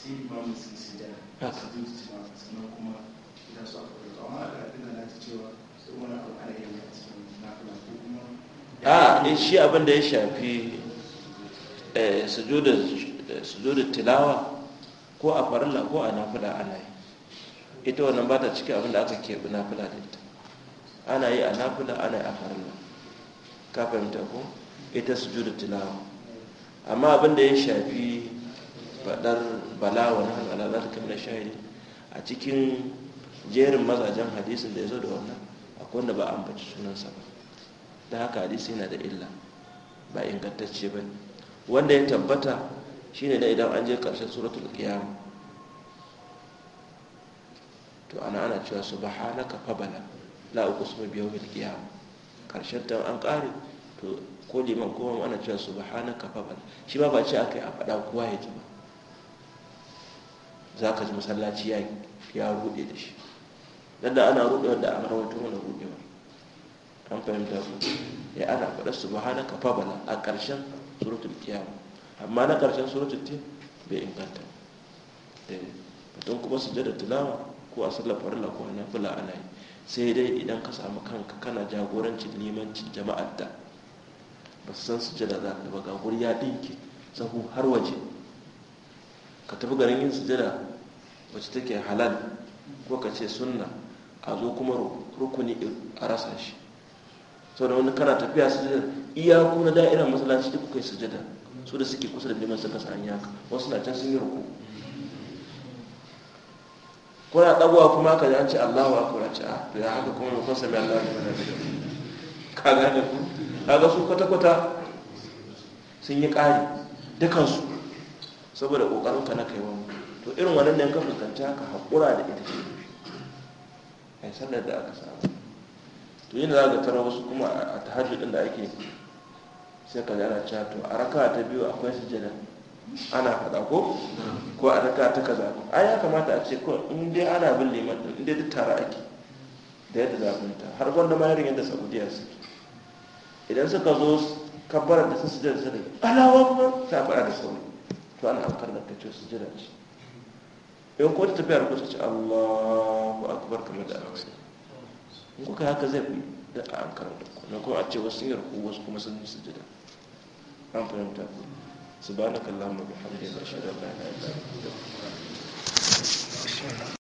sai limamin da ya shafi su zo shi abin da ya shafi eh, eh, sujudu tilawa ko a farilla ko a nafila ana yi ita wannan ba ta cikin abin da aka keɓi nafila da ita ana yi a nafila ana yi a farilla ka fahimta ko ita sujudu tilawa amma abin da ya shafi fadar bala na al'adar ala zalika min shahidi a cikin jerin mazajen hadisin da ya zo da wannan akwai wanda ba ambaci sunansa ba da haka hadisi yana da illa ba ingantacce ba wanda ya tabbata shine da idan an je karshe suratul qiyam to ana ana cewa subhanaka fabala la uqsimu bi yawmil qiyam karshen ta an kare to ko liman kowa ana cewa subhanaka fabala shi ba ba ce akai a fada kowa ya ji ba za ka ji masallaci ya rude da shi dan da ana rude wanda an rawaito wani rudewa an fahimta ku ya eh, ana su subhanaka fa bala a ƙarshen surutun qiyamah amma na ƙarshen surutun tin bai inganta eh batun kuma jada tilawa ko a sallar farila ko a nafila ana yi sai dai idan ka samu kanka kana jagorancin limancin jama'ar da ba su san jada za ka ba ga guri ya ɗinke sahu har waje ka tafi garin yin jada wacce take halal ko ka ce sunna a zo kuma rukuni a rasa shi sau da wani kana tafiya su sujada iyaku na da'irar masallaci duk kai sujada su da suke kusa da neman suka an yaka wasu na can sun yi ruku kuna ɗagowa kuma ka yanci ce allahu akwai a ce a ah, to ya haka kuma mafan sami allahu akwai a ka gane ku kaga su kwata-kwata sun yi ƙari dukansu saboda ƙoƙarinka na kaiwa mutu to irin wannan ne ka fuskanta ka haƙura da ita ce a yi sallar da aka samu to yin za ka tara wasu kuma a ɗin da ake sai ka jara cewa to a raka ta biyu akwai sujjada ana faɗa ko ko a raka ta kaza ko ai ya kamata a ce ko in dai ana bin liman din in dai duk tare ake da yadda zafinta har gwanda ma yarin yadda saudiya suke idan suka zo kabbarar da sun sujjada su da alawar kuma ta faɗa da sauri to ana aukar da su sujjada ce Yau ko ta tafiya da kusa ce allahu akbar kamar da aka sai in kuka haka zai fi da a an karanta na kuma a ce wasu yi yarku wasu kuma sun su jida an fahimta ku ba na kallon an la ilaha illa anta astaghfiruka